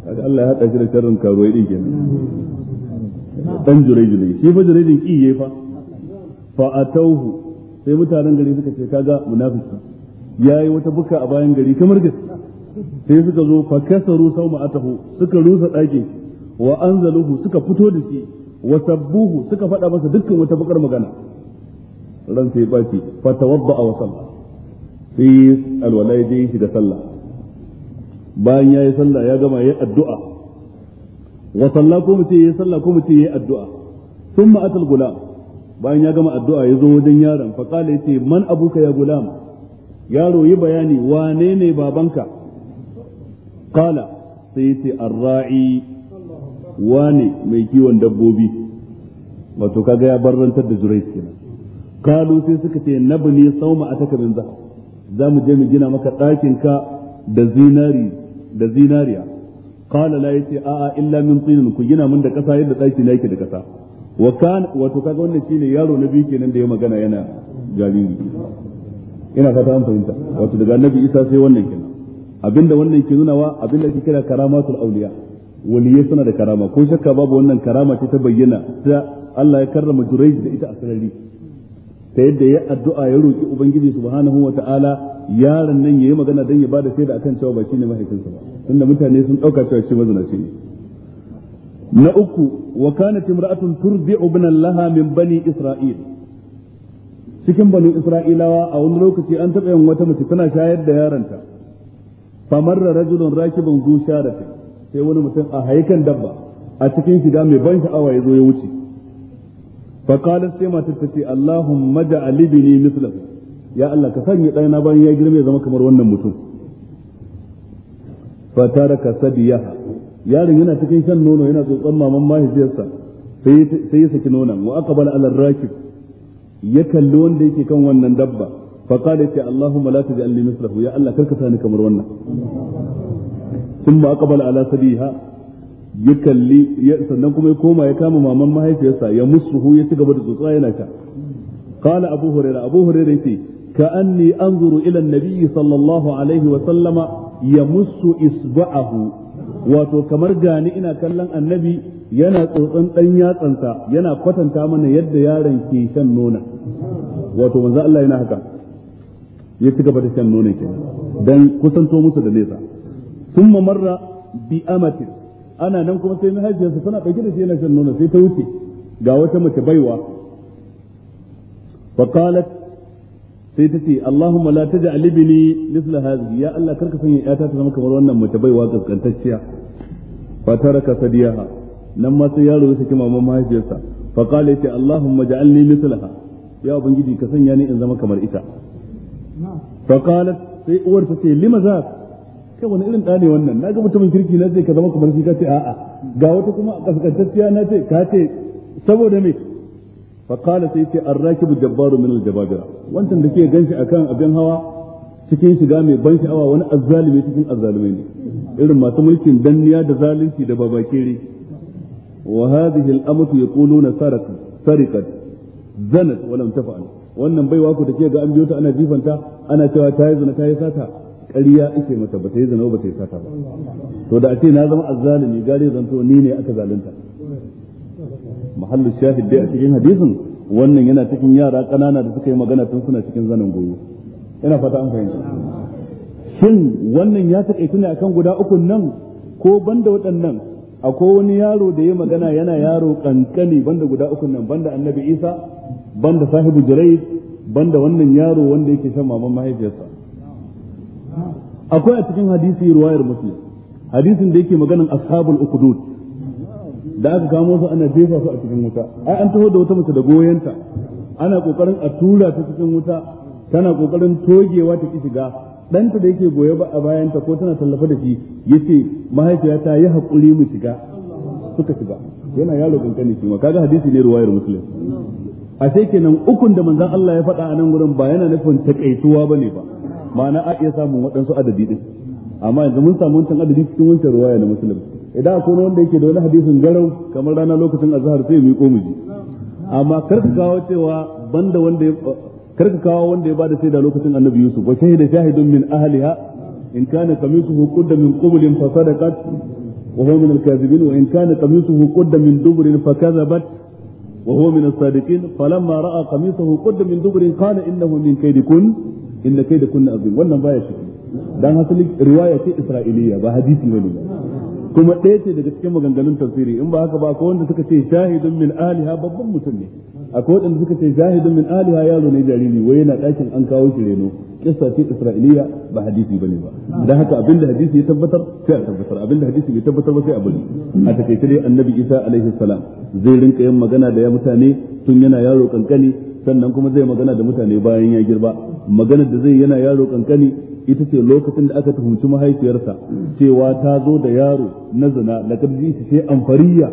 kaga Allah ya hada shi da sharrin karuwai din kenan dan jurayj ne shi fa jurayj ki yayi fa fa atauhu sai mutanen gari suka ce kaga munafiki yayi wata buka a bayan gari kamar gaskiya sai suka zo fa kasaru sauma atahu suka rusa dake wa anzaluhu suka fito da shi wa sabbuhu suka faɗa masa dukkan wata bakar magana ran sai baci fa tawadda'a wa salla sai alwala ya je shi da sallah bayan yayi sallah ya gama yayi addu'a wa salla ko mu ce yayi sallah ko mu ce yayi addu'a thumma atal gulam bayan ya gama addu'a ya zo wajen yaron fa kala yace man abuka ya gulam yaro yi bayani wane ne babanka kala sai yace arra'i Wani mai kiwon dabbobi wato kaga ya barrantar da jurai kenan kalu sai suka ce ne sauma a takabin za za mu je mu gina maka ɗakin ka da zinari da zinariya kala la yace a'a illa min tinin ku gina mun da kasa yadda ɗaki na yake da kasa wa kan wato kaga wannan shine yaro na biyu kenan da ya magana yana jariri ina fata an fahimta wato daga annabi isa sai wannan kenan abinda wannan ke nunawa abinda ke kira karamatul auliya waliyai suna da karama ko shakka babu wannan karama ce ta bayyana ta Allah ya karrama Jurayj da ita a sarari ta yadda ya addu'a ya roki ubangiji subhanahu wata'ala yaron nan yayi magana dan ya bada shaida akan cewa ba shine mahaifinsa ba tunda mutane sun dauka cewa shi mazinaci ne na uku wa kanat imra'atun turdi'u ibnan laha min bani isra'il cikin bani isra'ilawa a wani lokaci an taɓa yin wata mace tana shayar da yaronta da rajulun rakibun zu ta. sai wani mutum a haikan dabba a cikin shiga mai ban sha'awa ya zo ya wuce fa qalat sai matar ta ce allahumma ja'al ibni mislahu ya allah ka sanya ɗana bayan ya girma ya zama kamar wannan mutum fa taraka sadiyaha yaron yana cikin shan nono yana tsotson maman mahaifiyarsa sai ya saki nonon wa aqbala ala rakib ya kalli wanda yake kan wannan dabba fa qala ya allahumma la taj'al li mislahu ya allah karka sani kamar wannan sun ba aqbala ala sadiha ya kalli sannan kuma ya koma ya kama maman mahaifiyarsa ya musuhu ya ci gaba da tsotsa yana ka qala abu abu hurairah yace ka anni anzuru ila an-nabi sallallahu alaihi wa sallama yamussu isba'ahu wato kamar gani ina kallon annabi yana tsotson dan yatsansa yana kwatanta mana yadda yaron ke shan nona wato manzo Allah yana haka ya ci gaba da shan nonon kenan dan kusanto musu da nesa thumma marra bi amatin ana nan kuma sai mahaifiyarsa tana dauke da shi yana shan sai ta wuce ga wata mace baiwa fa qalat sai ta ce Allahumma la taj'al ibni mithla hadhihi ya Allah karka sanya yata ta zama kamar wannan mace baiwa kaskantacciya fa taraka nan ma sai yaro ya saki maman mahaifiyarsa fa qala ta Allahumma ka sanya ni in zama kamar ita fa sai uwar ta ce lima ce wani irin ɗa ne wannan na ga mutumin kirki na ce ka zama kamar shi ka ce a'a ga wata kuma kaskantacciya na ce ka ce saboda me fa qala sai ce arrakibu jabbaru min aljababira wancan da ke ganshi akan abin hawa cikin shiga mai ban sha'awa wani azzalimi cikin azzalimai ne irin masu mulkin danniya da zalunci da babakere wa hadhihi al-amatu yaquluna sarakat sariqat zanat wa lam taf'al wannan baiwa ku take ga an biyo ta ana jifanta ana cewa ta yi zina ta yi sata ƙarya ake mata ba ta yi zina ba ta yi sata ba to da ake na zama azzalimi gare zanto ni ne aka zalunta mahallu shahid dai a cikin hadisin wannan yana cikin yara ƙanana da suka yi magana tun suna cikin zanen goyo ina fata an fahimta shin wannan ya taƙaitu ne akan guda uku nan ko banda waɗannan akwai wani yaro da ya magana yana yaro kankani banda guda uku nan banda annabi isa banda sahibu jirai banda wannan yaro wanda yake shan maman mahaifiyarsa akwai a cikin hadisi ruwayar muslim hadisin da yake maganin ashabul ukudud da aka kamo su ana jefa su a cikin wuta ai an taho da wata mace da goyenta ana kokarin a tura ta cikin wuta tana kokarin togewa ta ki shiga ɗanta da yake goye ba a bayan ta ko tana tallafa da shi yace mahaifiyata yi hakuri mu shiga suka shiga yana yaro kankani ne kaga hadisi ne ruwayar muslim a sai kenan ukun da manzon Allah ya faɗa a nan gurin ba yana nufin takaituwa bane ba ma'ana a iya samun waɗansu adadi din amma yanzu mun samu wancan adadi cikin wancan ruwaya na muslim idan akwai wanda yake da wani hadisin garau kamar rana lokacin azhar sai ya miƙo mu ji amma karka kawo cewa banda wanda ya karka kawo wanda ya bada shaida lokacin annabi yusuf wa shahida shahidun min ahliha in kana qamisuhu qudda min qublin fa sadaqat wa huwa min al-kadhibin wa in kana qamisuhu qudda min dubrin fa kadhabat wa huwa min as-sadiqin falamma ra'a qamisuhu qudda min dubrin qala innahu min kaydikun inna kai da kunna azim wannan baya shi dan hasali riwaya ce isra'iliya ba hadisi bane kuma ɗaya ce daga cikin maganganun tafsiri in ba haka ba akwai wanda suka ce shahidun min aliha babban mutum ne akwai wanda suka ce shahidun min aliha yaro ne jariri wai yana ɗakin an kawo shi reno kissa ce isra'iliya ba hadisi bane ba dan haka abinda hadisi ya tabbatar sai a tabbatar abinda hadisi bai tabbatar ba sai a bari a take dai annabi isa alaihi salam zai rinka yin magana da ya mutane tun yana yaro kankani sannan kuma zai magana da mutane bayan ya girba maganar da zai yana yaro kankani ita ce lokacin da aka tuhumci mahaifiyarsa cewa ta zo da yaro na zina laqad shi sai amfariya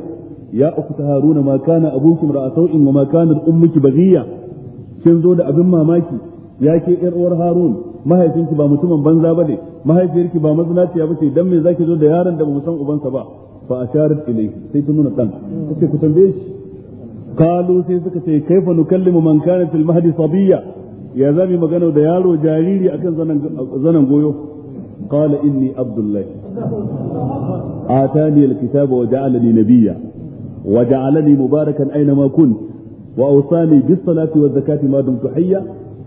ya ta haruna ma kana abunki ra'a in wa ma kana ummuki baghiya kin zo da abin mamaki ya ke yar uwar harun mahaifinki ba mutumin banza bane mahaifiyarki ba mazinaciya bace dan me zaki zo da yaron da ba mu san ubansa ba fa asharat ilayhi sai ta nuna dan tace ku tambaye shi قالوا سيسك كيف نكلم من كان في المهد صبيا يا زامي مغانو ديالو جاريري أكن زنن قويو قال إني عبد الله آتاني الكتاب وجعلني نبيا وجعلني مباركا أينما كنت وأوصاني بالصلاة والزكاة ما دمت حيا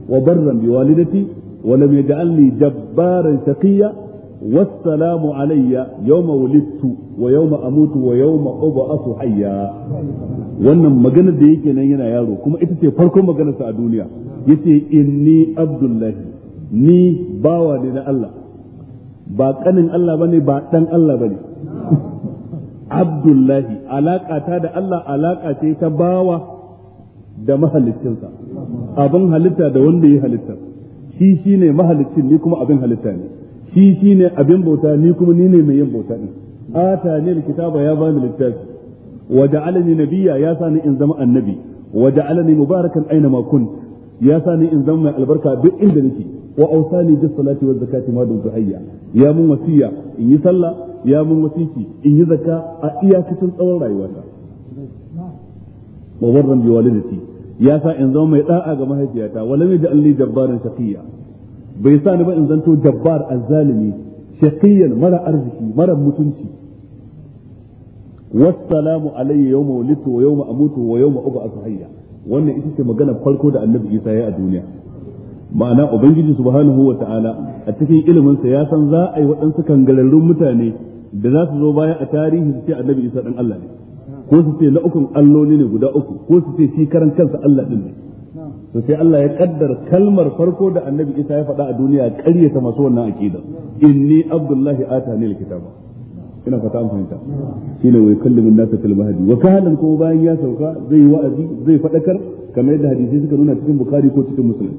وبرا بوالدتي ولم يجعلني جبارا شقيا wassalamu alayya yawma ولدت wa yawma amutu wa yawma wannan maganar da yake nan yana yaro kuma ita ce farkon maganarsa a duniya yace inni abdullahi ni bawa ne na Allah ba kanin Allah bane ba dan Allah bane abdullahi ta da Allah alaka ce ta bawa da mahaliccinsa. abin halitta da wanda ya halitta shi shine mahaliccin ni kuma abin halitta ne shi shine abin bauta ni kuma ni ne mai yin bauta din atani kitaba ya bani littafi wa ja'alani nabiyya ya sani in zama annabi wa ja'alani mubarakan aina ma kun ya sani in zama mai albarka duk inda nake wa awsani bis salati waz zakati ma dumtu ya mun wasiya in yi sallah ya mun wasiki in yi zakka a iyakacin tsawon rayuwata wa barran bi walidati ya sa in zama mai da'a ga mahaifiyata wa lam yaj'alni jabbaran shaqiyya bai sa ni ba in zanto jabbar azzalimi shaqiyan mara arziki mara mutunci wassalamu alayya yawma wulidtu wa yawma amutu wa yawma ub'athu hayya wannan ita ce magana farko da annabi Isa ya a duniya ma'ana ubangiji subhanahu wa ta'ala a cikin ilimin sa ya san za a yi waɗansu kangararrun mutane da za su zo baya a tarihi su ce annabi Isa dan Allah ne ko su ce la'ukun alloli ne guda uku ko su ce shi karan kansa Allah din ne to sai Allah ya kaddar kalmar farko da annabi Isa ya faɗa a duniya ƙaryata masu wannan aqida inni abdullahi Ata ne alkitaba ina fata an fahimta shine wai kallimin nasa fil mahdi wa kahalan kuma bayan ya sauka zai wa'azi zai faɗakar kamar yadda hadisi suka nuna cikin bukari ko cikin muslim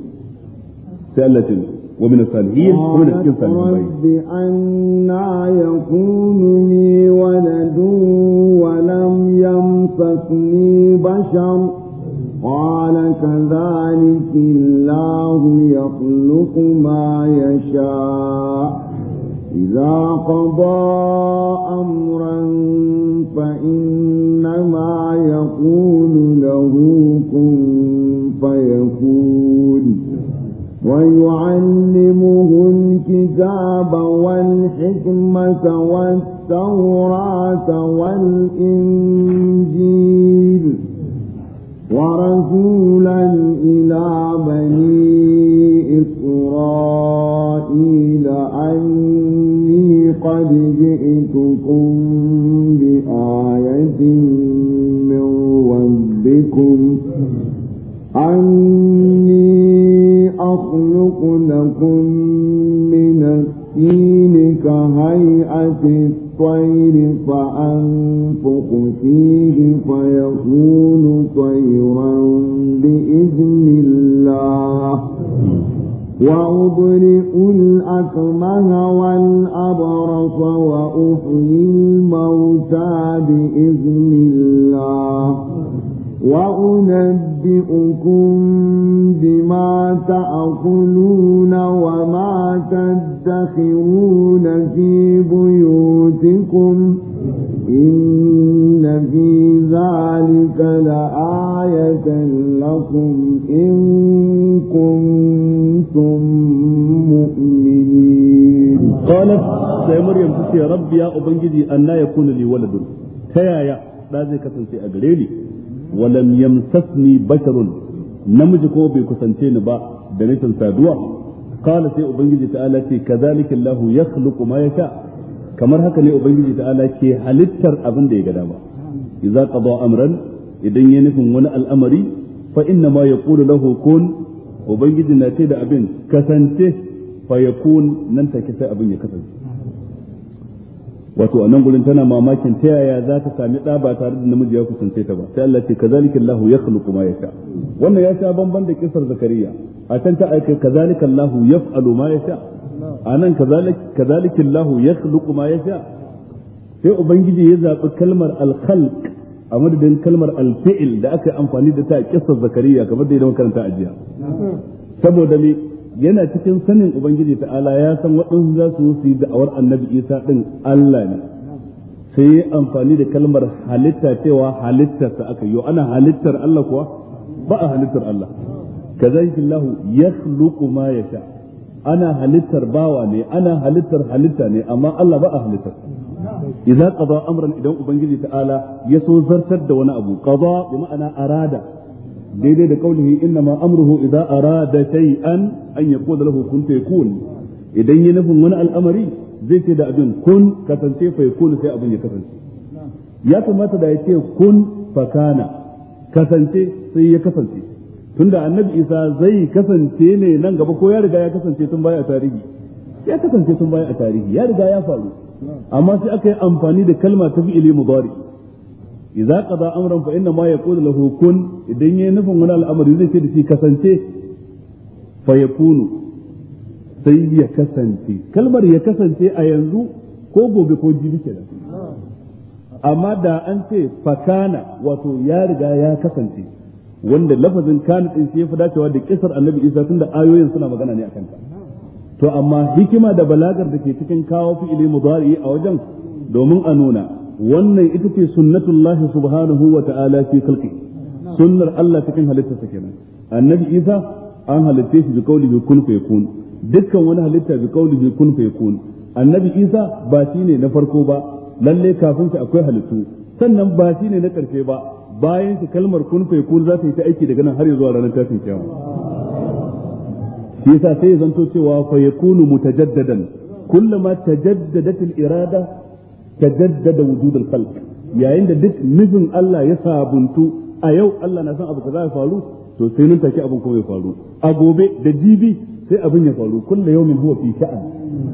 sai Allah ya wa min salihin kuma da cikin salihin bai anna yakunu li waladun wa lam yamsasni bashar قال كذلك الله يخلق ما يشاء إذا قضى أمرا فإنما يقول له كن فيكون ويعلمه الكتاب والحكمة والتوراة والإنجيل ورسولا إلى بني إسرائيل أني قد جئتكم بآية من ربكم أني أخلق لكم من الطين كهيئة الطير فأنفق وأبرئ الأكمه والأبرص وأحيي الموتى بإذن الله وأنبئكم بما تأكلون وما تدخرون في بيوتكم إن في ذلك لآية لكم إن كنتم qalat sai maryam ta ce rabbi ya ubangiji anna yakunu li waladun ta yaya da zai kasance a gare ni walam yamsasni basharun namiji ko bai kusance ni ba da nisan saduwa qala sai ubangiji ta'ala ce kadhalika allah yakhluqu ma yasha kamar haka ne ubangiji ta'ala ke halittar abin da ya ga dama idza qada amran idan ya nufin wani al'amari fa inna ma yaqulu lahu kun ubangiji na ce da abin kasance fa yakun nan take sai abin ya kasance wato a nan gurin tana mamakin ta yaya za ta sami ɗa ba tare da namiji ya kusance ta ba sai Allah ce kazalika Allahu yakhluqu ma yasha wannan ya sha bamban da kisar zakariya a can ta aika kazalika Allahu yaf'alu ma yasha a nan kazalika Allahu yakhluqu ma yasha sai ubangiji ya zabi kalmar al-khalq a madadin kalmar al-fi'l da aka yi amfani da ta a kisar zakariya kamar da idan karanta a jiya saboda me yana cikin sanin ubangiji ta'ala ya san waɗansu za su su yi da'awar annabi isa ɗin allah ne sai yi amfani da kalmar halitta cewa halittarsa aka yi ana halittar allah kuwa ba a halittar allah kazalika allah yakhluqu ma sha ana halittar bawa ne ana halittar halitta ne amma allah ba a halittar idza qada amran idan ubangiji ta'ala ya so zartar da wani abu qada bi ma'ana arada daidai da kaulihi inna ma amruhu idza arada shay'an an yaqula lahu kun fayakun idan ya nufin wani al'amari zai ce da abin kun kasance yakun sai abin ya kasance ya kamata da ya ce kun fakana kasance sai ya kasance tunda annabi isa zai kasance ne nan gaba ko ya riga ya kasance tun baya tarihi ya kasance tun baya a tarihi ya riga ya faru amma sai aka yi amfani da kalma ta fi'ili mudari idza qada amran fa inna ma yaqulu lahu kun idan yayi nufin wani al'amari zai ce da shi kasance fa yakunu sai ya kasance kalmar ya kasance a yanzu ko gobe ko jibi kenan amma da an ce fakana wato ya riga ya kasance wanda lafazin kana din shi yafi dacewa da kisar annabi isa da ayoyin suna magana ne akan ta to amma hikima da balagar da ke cikin kawo fi'ili mudari a wajen domin a nuna wannan ita ce sunnatullahi subhanahu wa ta'ala fi khalqi sunnar Allah cikin halittarsa kenan annabi Isa an halitte shi bi qawli kun dukkan wani halitta bi qawli kun fayakun annabi Isa ba ne na farko ba lalle kafin shi akwai halittu sannan ba ne na karshe ba bayan shi kalmar kun fayakun za ta yi ta aiki daga nan har zuwa ranar tashin kiyama shi yasa sai zanto cewa fayakunu mutajaddadan kullama tajaddadat al-irada tajaddada wujudul khalq yayin da duk nufin Allah ya sabuntu a yau Allah na san abu kaza ya faru to sai nan take abin kuma ya faru a gobe da jibi sai abin ya faru kullu yawmin huwa fi sha'an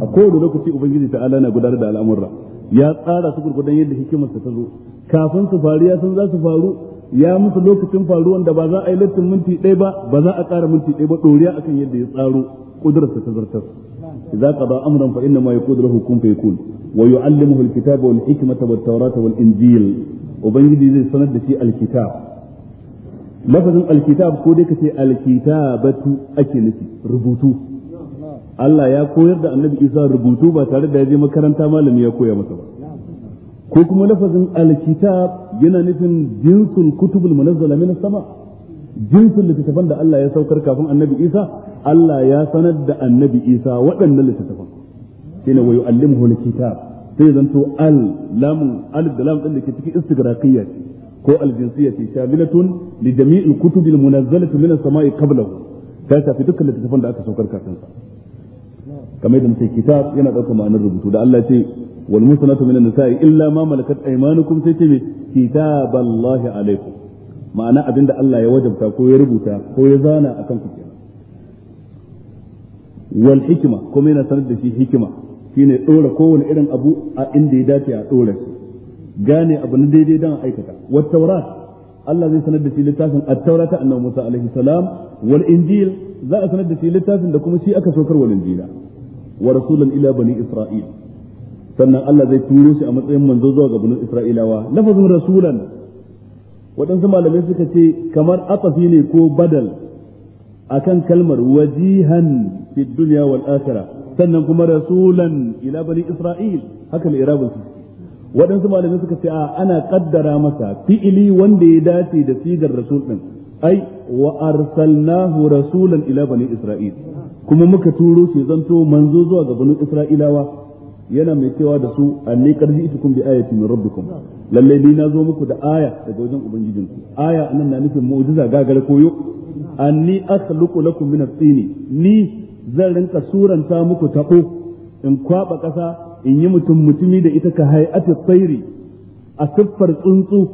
a kowane lokaci ubangiji ta'ala na gudanar da al'amurra ya tsara su gurgudan yadda hikimarsa ta zo kafin su faru ya san za su faru ya musu lokacin faru wanda ba za a yi lattin minti ɗaya ba ba za a ƙara minti ɗaya ba ɗoriya akan yadda ya tsaro Kudurar ta zartar إذا قضى أمرا فإنما يقول له كن فيكون ويعلمه الكتاب والحكمة والتوراة والإنجيل وبنجد زي سند شيء الكتاب لفظ الكتاب كودك الكتابة أكنتي ربوتو Allah ya koyar da annabi Isa rubutu ba tare da ya je makaranta malami ya koya masa ba ko kuma lafazin alkitab yana nufin jinsul kutubul munazzala min sama jinsin littattafan da Allah ya saukar kafin annabi Isa Allah ya sanar da annabi Isa waɗannan littattafan wayo, wa yu'allimuhu alkitab sai zanto al lam al da lam din da ke cikin istigraqiyya ce ko aljinsiyya ce shamilatun li jami'il kutubil munazzalati min as-sama'i qablahu ta shafi dukkan littattafan da aka saukar kafin sa kamar yadda muke kitab yana ɗaukar ma'anar rubutu da Allah ya ce wal musnatu minan nisa'i illa ma malakat aymanukum sai ce kitaballahi alaikum ma'ana abin da Allah ya wajabta ko ya rubuta ko ya zana akan ku kenan wal hikima kuma yana sanar da shi hikima shine dora kowane irin abu a inda ya dace a dora shi gane abu na daidai dan aikata wat taurat Allah zai sanar da shi littafin at-taurata annabi Musa alaihi salam wal injil za a sanar da shi littafin da kuma shi aka saukar wal injila wa rasulan ila bani isra'il sannan Allah zai turo shi a matsayin manzo zuwa ga bani isra'ilawa lafazin rasulan waɗansu malamai suka ce kamar afafi ne ko badal akan kalmar wajihan fi dunya wal akhirah sannan kuma rasulan ila bani isra'il haka al-irabun su waɗansu malamai suka ce a ana kaddara masa fi'ili wanda ya dace da sigar rasul din ai wa arsalnahu rasulan ila bani isra'il kuma muka turo shi zanto manzo zuwa ga bani isra'ilawa yana mai cewa da su anni ita kun bi ayati min rabbikum lalle ni na zo muku da aya daga wajen ubangijinku aya anan na nufin mu'jiza gagara koyo anni akhluqu lakum min at-tini ni zan rinka suranta muku tako in kwaba kasa in yi mutum mutumi da ita ka hay'ati tsairi a siffar tsuntsu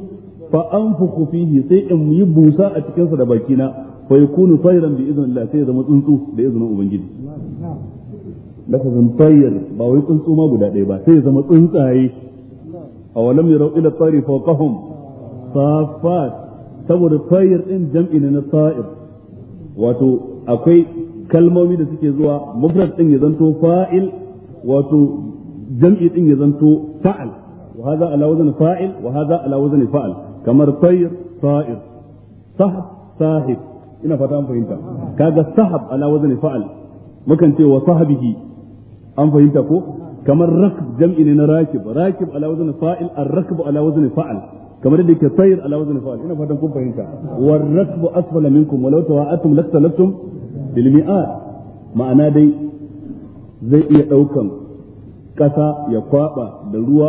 fa anfukhu fihi sai in yi busa a cikin sa da bakina fa yakunu tsairan bi idnillah sai ya zama tsuntsu da izinin ubangiji lafazin tayyir ba wai tsuntsu ma guda ɗaya ba sai ya zama tsuntsaye A walam ya yarau da tsari fawqahum safat saboda tayyir ɗin jam'i ne na sa'ir wato akwai kalmomi da suke zuwa mufrad ɗin ya zanto fa'il wato jam'i ɗin ya zanto fa'al wa hadha ala wazn fa'il wa hadha ala wazn fa'al kamar tayyir sa'ir sahab sahib ina fata an fahimta kaga sahab ala wazn fa'al mukan ce wa sahabihi an fahimta ko kamar rakb jam'i ne na rakib rakib ala wazn fa'il ar-rakb ala wazn fa'al kamar da yake sayr ala wazn fa'al ina fatan kun fahimta war rakb asfala minkum walau tawa'atum laktalaftum bil mi'at ma'ana dai zai iya daukan kasa ya kwaba da ruwa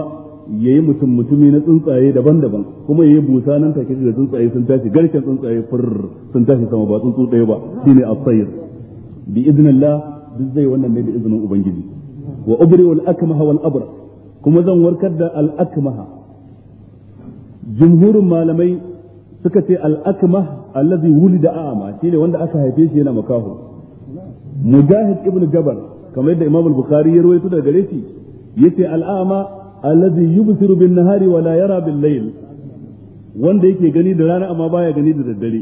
yayi mutum mutumi na tsuntsaye daban-daban kuma yayi busa nan take da tsuntsaye sun tashi garken tsuntsaye fur sun tashi sama ba tsuntsu ɗaya ba shine as-sayr bi idnillah duk zai wannan ne da izinin ubangiji wa ubri'u al-akmaha wal abra kuma zan warkar da al-akmaha jumhurin malamai suka ce al-akmah allazi wulida a'ma shine wanda aka haife shi yana makaho mujahid ibn jabal kamar yadda imam al-bukhari ya rawaito daga gare shi yace al-a'ma allazi yubsiru bin nahari wa la yara bil layl wanda yake gani da rana amma baya gani da daddare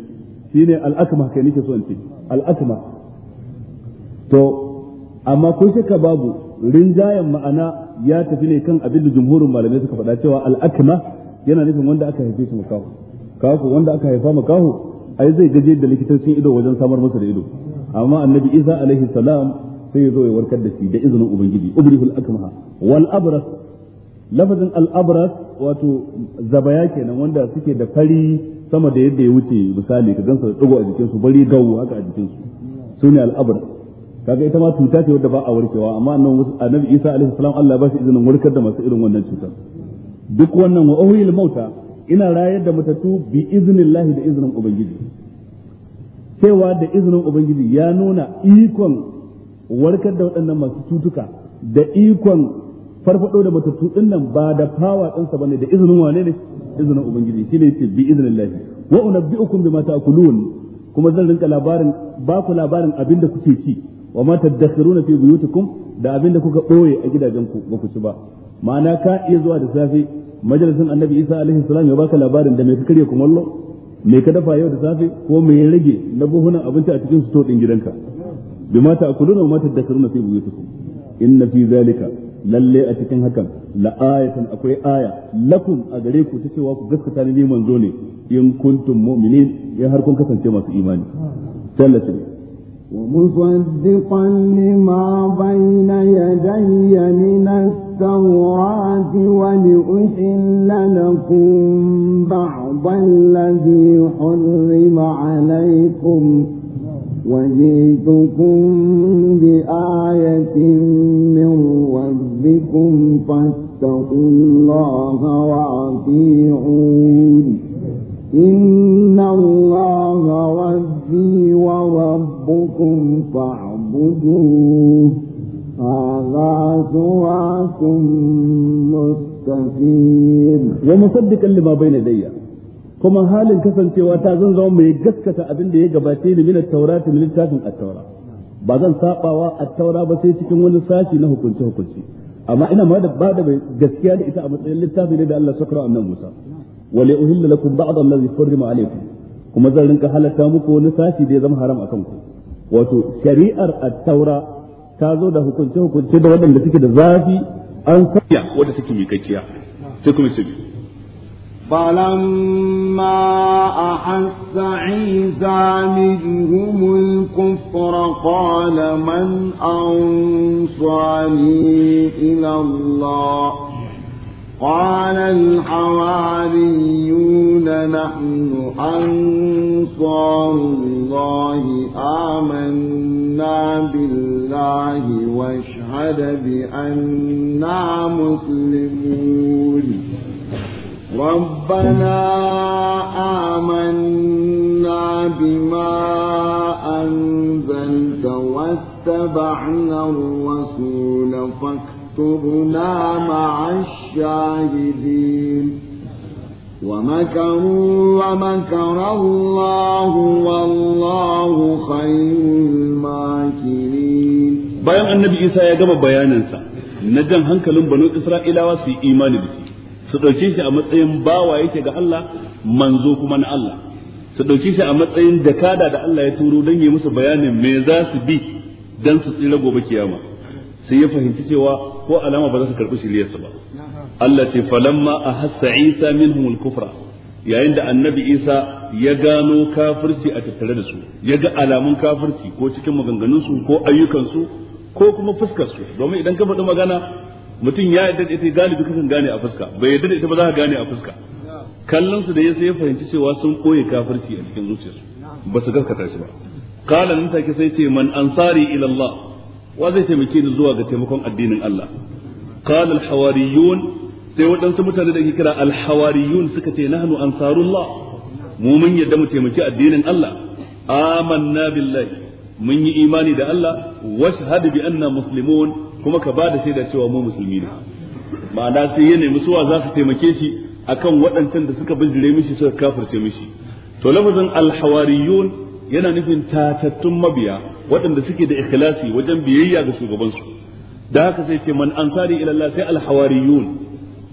shine al-akmah kai nake so in ce al-akmah to amma ko ka babu rinjayen ma'ana ya tafi ne kan abin da jumhurin malamai suka faɗa cewa al'akma yana nufin wanda aka haife shi makahu kawo wanda aka haifa makahu ai zai gaje da likitocin ido wajen samar masa da ido amma annabi isa alaihi salam sai ya zo ya warkar da shi da izinin ubangiji ubrihul akmaha wal abras lafazin al abras wato zabaya kenan wanda suke da fari sama da yadda ya wuce misali ka gansa da dugo a jikinsu bari gawo haka a jikinsu sune al abras kaga ita ma cuta ce wadda ba a warkewa amma annabi Isa alaihi salam Allah ba shi izinin warkar da masu irin wannan cutar duk wannan wa ohil mauta ina rayar da matattu bi iznillahi da iznin ubangiji cewa da iznin ubangiji ya nuna ikon warkar da waɗannan masu cutuka da ikon farfado da matattu din nan ba da fawa sa bane da izinin wane ne iznin ubangiji shine yace bi iznillahi wa unabbiukum bima ta'kulun kuma zan rinka labarin ba ku labarin abinda kuke ci wa ma tadakhiruna fi buyutikum da abinda kuka boye a ku ba ku ci ba ma'ana ka iya zuwa da safe majalisin annabi isa alaihi salam ya baka labarin da mai ka ya kumallo mai ka dafa yau da safe ko mai rage na buhunan abinci a cikin suto din gidanka bima ta'kuluna wa ma tadakhiruna fi buyutikum inna fi zalika lalle a cikin hakan la'ayatan akwai aya lakum a gare ku ta cewa ku gaskata ni manzo ne in kuntum mu'minin in har kun kasance masu imani tallace ومصدقا لما بين يدي من التوراة ولأحل لكم بعض الذي حرم عليكم وجئتكم بآية من ربكم فاتقوا الله وأطيعون إن الله ربي وربكم فاعبدوه هذا صراط مستقيم ومصدقا لما بين يدي kuma halin kasancewa ta zan zama mai gaskata abin da ya gabace ni min at littafin at-taura ba zan sabawa at-taura ba sai cikin wani sashi na hukunce hukunci amma ina ma da ba da gaskiya da ita a matsayin littafi ne da Allah sakara annabi Musa wa li uhilla lakum ba'd allazi harrama alaykum kuma zan rinka halatta muku wani sashi da ya zama haram a ku wato shari'ar at ta zo da hukunce hukunce da waɗanda suke da zafi an kanya wanda take mikakkiya sai kuma فلما أحس عيسى منهم الكفر قال من أنصاني إلى الله قال الحواريون نحن أنصار الله آمنا بالله واشهد بأننا مسلمون ربنا آمنا بما أنزلت واتبعنا الرسول فاكتبنا مع الشهداء الشاهدين ومكروا ومكر الله والله خير الماكرين bayan annabi isa ya gama bayaninsa na jan hankalin banu isra'ilawa su yi imani su ɗauke shi a matsayin bawa yake ga Allah manzo kuma na Allah su ɗauke shi a matsayin jakada da Allah ya turo don yi musu bayanin me za su bi don su tsira gobe kiyama sai ya fahimci cewa ko alama ba za su karɓi shiriyarsa ba Allah ce falamma ahassa Isa minhum al-kufra yayin da annabi Isa ya gano kafirci a tattare da su ya ga alamun kafirci ko cikin maganganunsu ko ayyukansu ko kuma fuskarsu. domin idan ka faɗi magana mutum ya yarda da galibi kakan gane a fuska bai yarda da ita ba za ka gane a fuska kallon da ya sai ya fahimci cewa sun koye kafirci a cikin zuciyarsu ba su gaskata shi ba qala nan take sai ce man ansari ila Allah wa zai taimake ni zuwa ga taimakon addinin Allah qala al-hawariyun sai waɗansu mutane da ke kira alhawariyun suka ce nahnu ansarullah mu mun yadda mu taimaki addinin Allah amanna billahi mun yi imani da Allah washhadu bi anna muslimun kuma ka bada shaida cewa mu musulmi ne ma'ana sai ya nemi suwa za su taimake shi akan waɗancan da suka bijire mishi suka kafirce mishi to lafazin alhawariyun yana nufin tatattun mabiya waɗanda suke da ikhlasi wajen biyayya ga shugabansu da haka sai ce man ansari ila Allah sai alhawariyun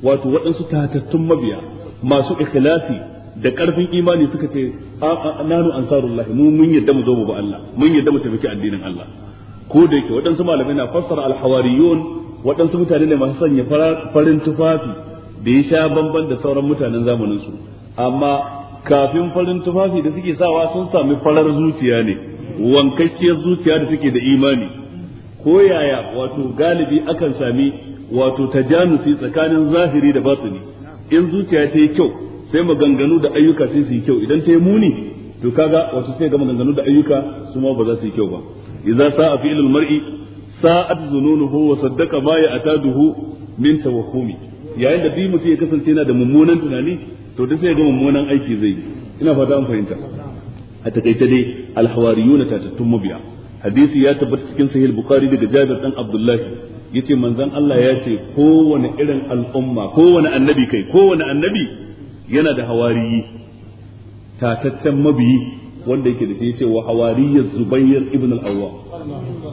wato waɗansu tatattun mabiya masu ikhlasi da karfin imani suka ce a nanu ansarullah mu mun yadda mu zo mu ba Allah mun yadda mu tafi addinin Allah ko da yake waɗansu malamai na fassara alhawariyun waɗansu mutane ne masu sanya farin tufafi da ya sha bamban da sauran mutanen zamanin su amma kafin farin tufafi da suke sawa sun sami farar zuciya ne wankakkiyar zuciya da suke da imani ko yaya wato galibi akan sami wato ta janusi tsakanin zahiri da batini in zuciya ta yi kyau sai maganganu da ayyuka sai su yi kyau idan ta yi muni to kaga wato sai ga maganganu da ayyuka su ma ba za su yi kyau ba idza sa'a fi'lul mar'i sa'at zununuhu wa saddaqa ma ya'taduhu min tawahhumi yayin da bi mutum ya kasance yana da mummunan tunani to duk sai ga mummunan aiki zai yi ina fata an fahimta a takaice dai alhawariyuna ta tattun mabiya hadisi ya tabbata cikin sahih bukhari daga jabir dan abdullahi yace manzon Allah ya ce kowane irin al'umma kowane annabi kai kowane annabi yana da hawariyi tataccen mabiyi wanda yake da shi yace wa hawariyyu Zubair ibn al-Awwam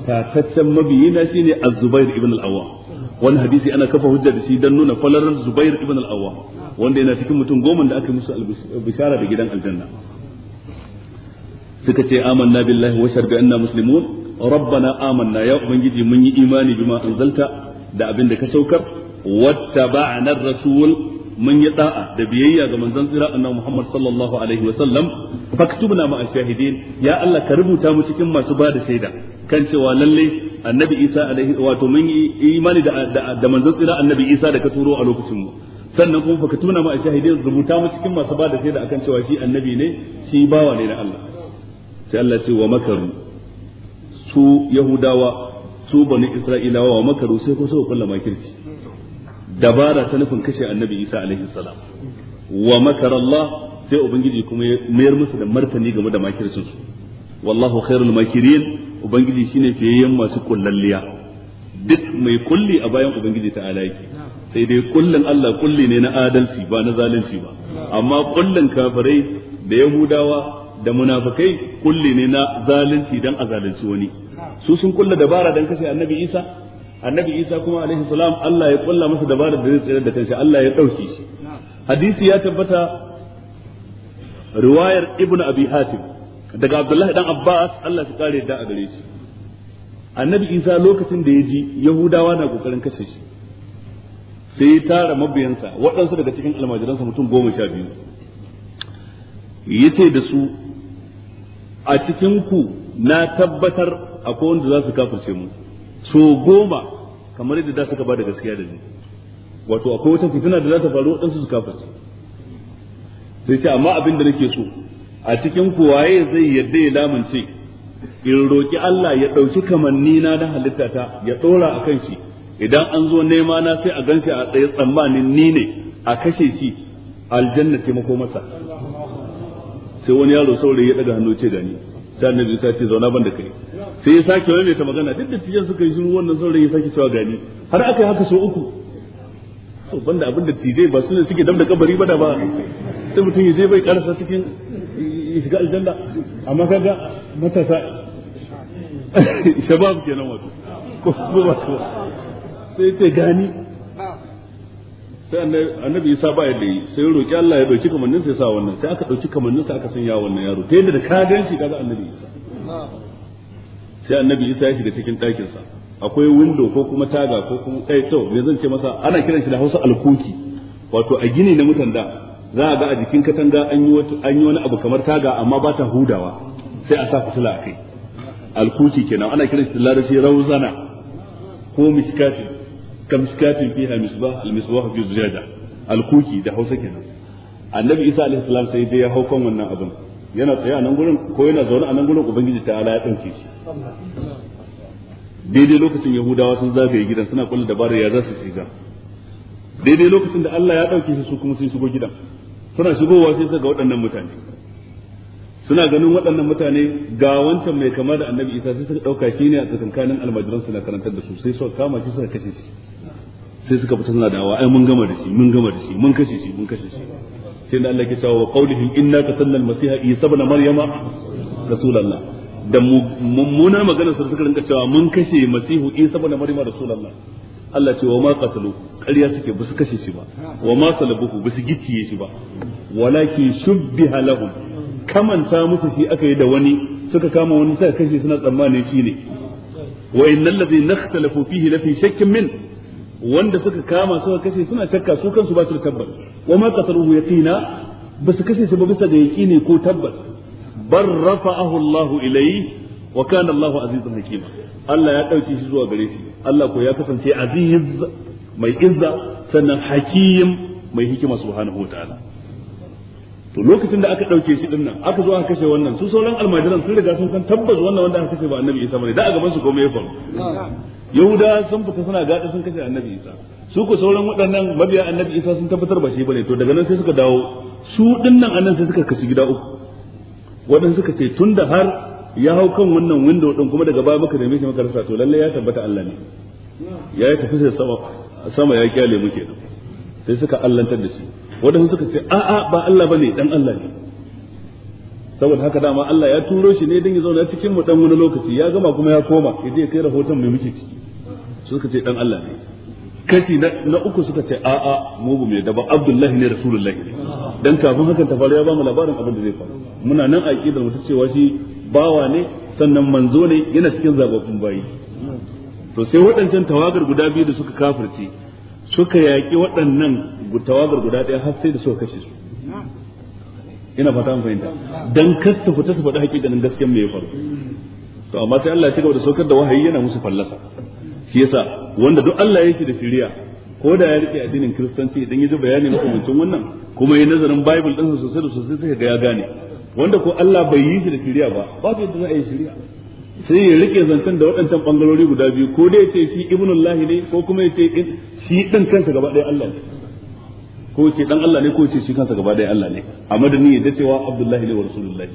tataccen mabiyi na shine Az-Zubair ibn al-Awwam wannan hadisi ana kafa hujja da shi dan nuna falarar Zubair ibn al-Awwam wanda yana cikin mutum goma da aka musu bishara da gidan aljanna suka ce amanna billahi wa sharbi anna muslimun rabbana amanna ya ubangiji mun yi imani bima anzalta da abin da ka saukar wattaba'na ar-rasul mun yi da'a da biyayya ga manzon tsira annabi Muhammad sallallahu alaihi wa sallam faktubna ma'a shahidin ya Allah ka rubuta mu cikin masu ba da shaida kan cewa lalle annabi Isa alaihi wato mun yi imani da da manzon tsira annabi Isa da ka turo a lokacin mu sannan kuma faktubna ma'a shahidin rubuta mu cikin masu ba da shaida akan cewa shi annabi ne shi bawa ne na Allah sai Allah ce wa makaru su yahudawa su bani isra'ilawa wa makaru sai ko suka kulla makirci dabara ta nufin kashe annabi isa alaihi salam wa makar sai ubangiji kuma ya mayar musu da martani game da makircin su wallahu khairul makirin ubangiji shine fiyayen masu kullalliya duk mai kulli a bayan ubangiji ta alaiki sai dai kullin Allah kulli ne na adalci ba na zalunci ba amma kullin kafirai da yahudawa da munafikai kulle ne na zalunci dan a zalunci wani su sun kulla dabara dan kashe annabi Isa annabi Isa kuma alaihi salam Allah ya kulla masa dabara da zai tsira da kansa Allah ya dauke shi hadisi ya tabbata riwayar ibnu abi hatim daga abdullahi dan abbas Allah ya kare da a gare shi annabi Isa lokacin da ya ji yahudawa na kokarin kashe shi sai ya tara mabiyansa waɗansu daga cikin almajiransa mutum goma sha biyu ya ce da su a cikin ku na tabbatar akwai wanda za su kafirce mu so goma kamar yadda da suka ba da gaskiya da ni wato akwai wata fitina da za ta faru waɗansu su kafirce sai ce amma abin da nake so a cikin ku waye zai yadda ya lamunce in roƙi Allah ya ɗauki kamanni na na halitta ta ya ɗora a kan shi idan an zo nema na sai a gan shi a tsaye tsammanin ni ne a kashe shi aljanna taimako masa sai wani yaro saurayi ya daga hannu ce gani sai annabi ta ce zauna ban da kai sai ya sake wani ta magana duk da tijan suka yi shiru wannan saurayi ya sake cewa gani har aka yi haka sau uku to banda abin da tijai ba su ne suke dam da kabari ba da ba sai mutum ya je bai karasa cikin ya shiga aljanna amma kaga matasa shabab kenan wato ko ba sai ce gani sai annabi isa ba yadda yi sai roƙi Allah ya ɗauki kamannin sai sa wannan sai aka ɗauki kamannin sa aka sanya wannan yaro ta yadda da ka shi kaga annabi isa sai annabi isa ya shiga cikin ɗakin sa akwai window ko kuma taga ko kuma kai eh, to me zan ce masa ana kiran shi da Hausa alkuki wato a gini na mutan da za a ga a jikin katanga an yi wata an yi wani abu kamar taga amma ba ta hudawa sai a sa fitila a kai alkuki kenan ana kiran shi da larashi rauzana ko miskati kamskatin fiha misbah al-misbah fi zujada al-kuki da Hausa kenan annabi Isa alaihi salam sai dai ya hau kan wannan abin yana tsaye a nan gurin ko yana zaune a nan gurin ubangiji ta ala ya dauke shi daidai lokacin yahudawa sun zagaye gidan suna kulla dabarar ya za su shiga daidai lokacin da Allah ya dauke shi su kuma sun shigo gidan suna shigowa sai suka ga waɗannan mutane suna ganin waɗannan mutane ga wancan mai kama da annabi isa sai suka ɗauka shi ne a tsakankanin almajiran suna karantar da su sai suka kama shi suka kashe shi sai suka fita suna dawa ai mun gama da shi mun gama da shi mun kashe shi mun kashe shi sai da Allah ke cewa wa qaulihim inna qatalna al-masiha isa ibn maryama rasulullah da mummunar maganar su suka rinka cewa mun kashe masihu isa ibn maryama rasulullah Allah ce wa ma qatalu ƙarya suke ba su kashe shi ba wa ma salabuhu ba su gicciye shi ba walakin shubbiha lahum kamanta musu shi aka yi da wani suka kama wani suka kashe suna tsammanin shi ne wa innal ladhina ikhtalafu fihi lafi shakkin min wanda suka kama suka kashe suna shakka su kansu ba su tabbas wa ma qataluhu yaqina ba su kashe su ba bisa ga yaqini ko tabbas bar rafa'ahu Allahu ilayhi wa kana Allahu azizan hakima Allah ya dauke shi zuwa gare shi Allah ko ya kasance aziz mai izza sannan hakim mai hikima subhanahu wa ta'ala to lokacin da aka dauke shi din nan aka zo aka kashe wannan su sauran almajiran sun riga sun san tabbas wannan wanda aka kashe ba annabi isa bane da a gaban su komai ya faru yahuda sun fita suna gada sun kashe annabi isa su ku sauran waɗannan mabiya annabi isa sun tabbatar ba shi bane to daga nan sai suka dawo su dinnan annan sai suka kashi gida uku waɗanda suka ce tunda har ya hau kan wannan window din kuma daga baya muka neme shi muka rasa to lalle ya tabbata Allah ne ya yi tafi sama ya kyale muke kenan sai suka allantar da shi waɗansu suka ce a'a ba Allah bane dan Allah ne saboda haka dama Allah ya turo shi ne don ya zauna cikin mu dan wani lokaci ya gama kuma ya koma ya je kai rahoton mai muke ciki suka ce dan Allah ne kashi na uku suka ce a'a mu bu mai daba Abdullahi ne Rasulullahi dan kafin hakan ta faru ya ba mu labarin abin da zai faru muna nan a aqidar mu ta cewa shi bawa ne sannan manzo ne yana cikin zababbun bayi to sai waɗancan tawagar guda biyu da suka kafirce suka yaƙi waɗannan tawagar guda ɗaya har sai da suka kashe su ina fata an fahimta dan kasta fita su faɗi hakikanin gaskiyar me ya faru to amma sai Allah ya cigaba da saukar da wahayi yana musu fallasa shi yasa wanda duk Allah yake da shiriya ko da ya rike addinin kristanci idan ya ji bayanin hukuncin wannan kuma ya nazarin bible ɗinsa sosai da sosai sai ga ya gane wanda ko Allah bai yi shi da shiriya ba ba yadda za a yi shiriya sai ya rike zancen da waɗancan ɓangarori guda biyu ko dai ce shi ibnullahi ne ko kuma ya ce shi ɗin kansa gaba ɗaya Allah ne ko ce ɗan Allah ne ko ce shi kansa gaba ɗaya Allah ne a madani ya dacewa Abdullahi ne wa Rasulullahi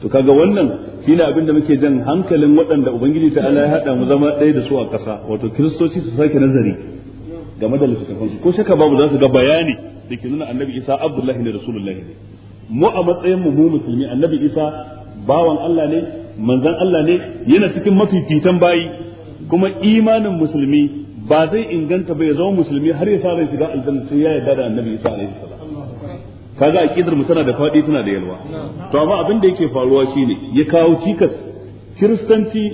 to kaga wannan shi ne abinda muke jan hankalin waɗanda ubangiji ta Allah ya haɗa mu zama ɗaya da su a ƙasa wato kiristoci su sake nazari game da littattafan su ko shaka babu za su ga bayani da ke nuna annabi Isa Abdullahi ne Rasulullahi ne mu a matsayin mu mu musulmi annabi Isa bawan Allah ne manzon Allah ne yana cikin mafifitan bayi kuma imanin musulmi ba zai inganta ba ya zama musulmi har ya sa zai shiga aljanna sai ya yarda da annabi isa alaihi salam aqidar mu tana da fadi tana da yalwa to amma abin da yake faruwa shine ya kawo cikas kiristanci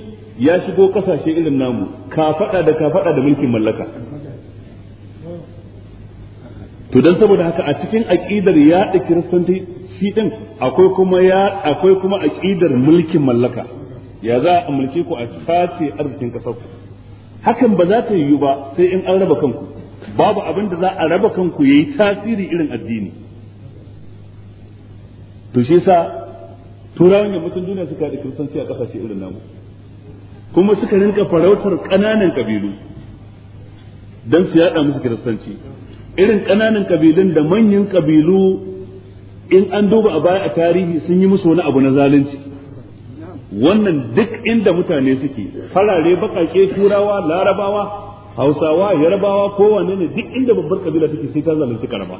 ya shigo kasashe irin namu ka fada da ka fada da mulkin mallaka to dan saboda haka a cikin aqidar yaɗa kiristanci shi din akwai kuma ya akwai kuma aqidar mulkin mallaka ya za a mulki ku a sace arzikin kasar ku hakan ba za ta yiwu ba sai in an raba kanku babu abin da za a raba kanku yayi tasiri irin addini to shi yasa turawan yammacin duniya suka da kristanci a kasashe irin namu kuma suka rinka farautar ƙananan kabilu don su yaɗa musu kiristanci irin ƙananan ƙabilun da manyan ƙabilu in an duba a baya a tarihi sun yi musu wani abu na zalunci wannan duk inda mutane suke farare bakake turawa larabawa hausawa yarbawa kowane ne duk inda babbar kabila take sai ta zalunci karama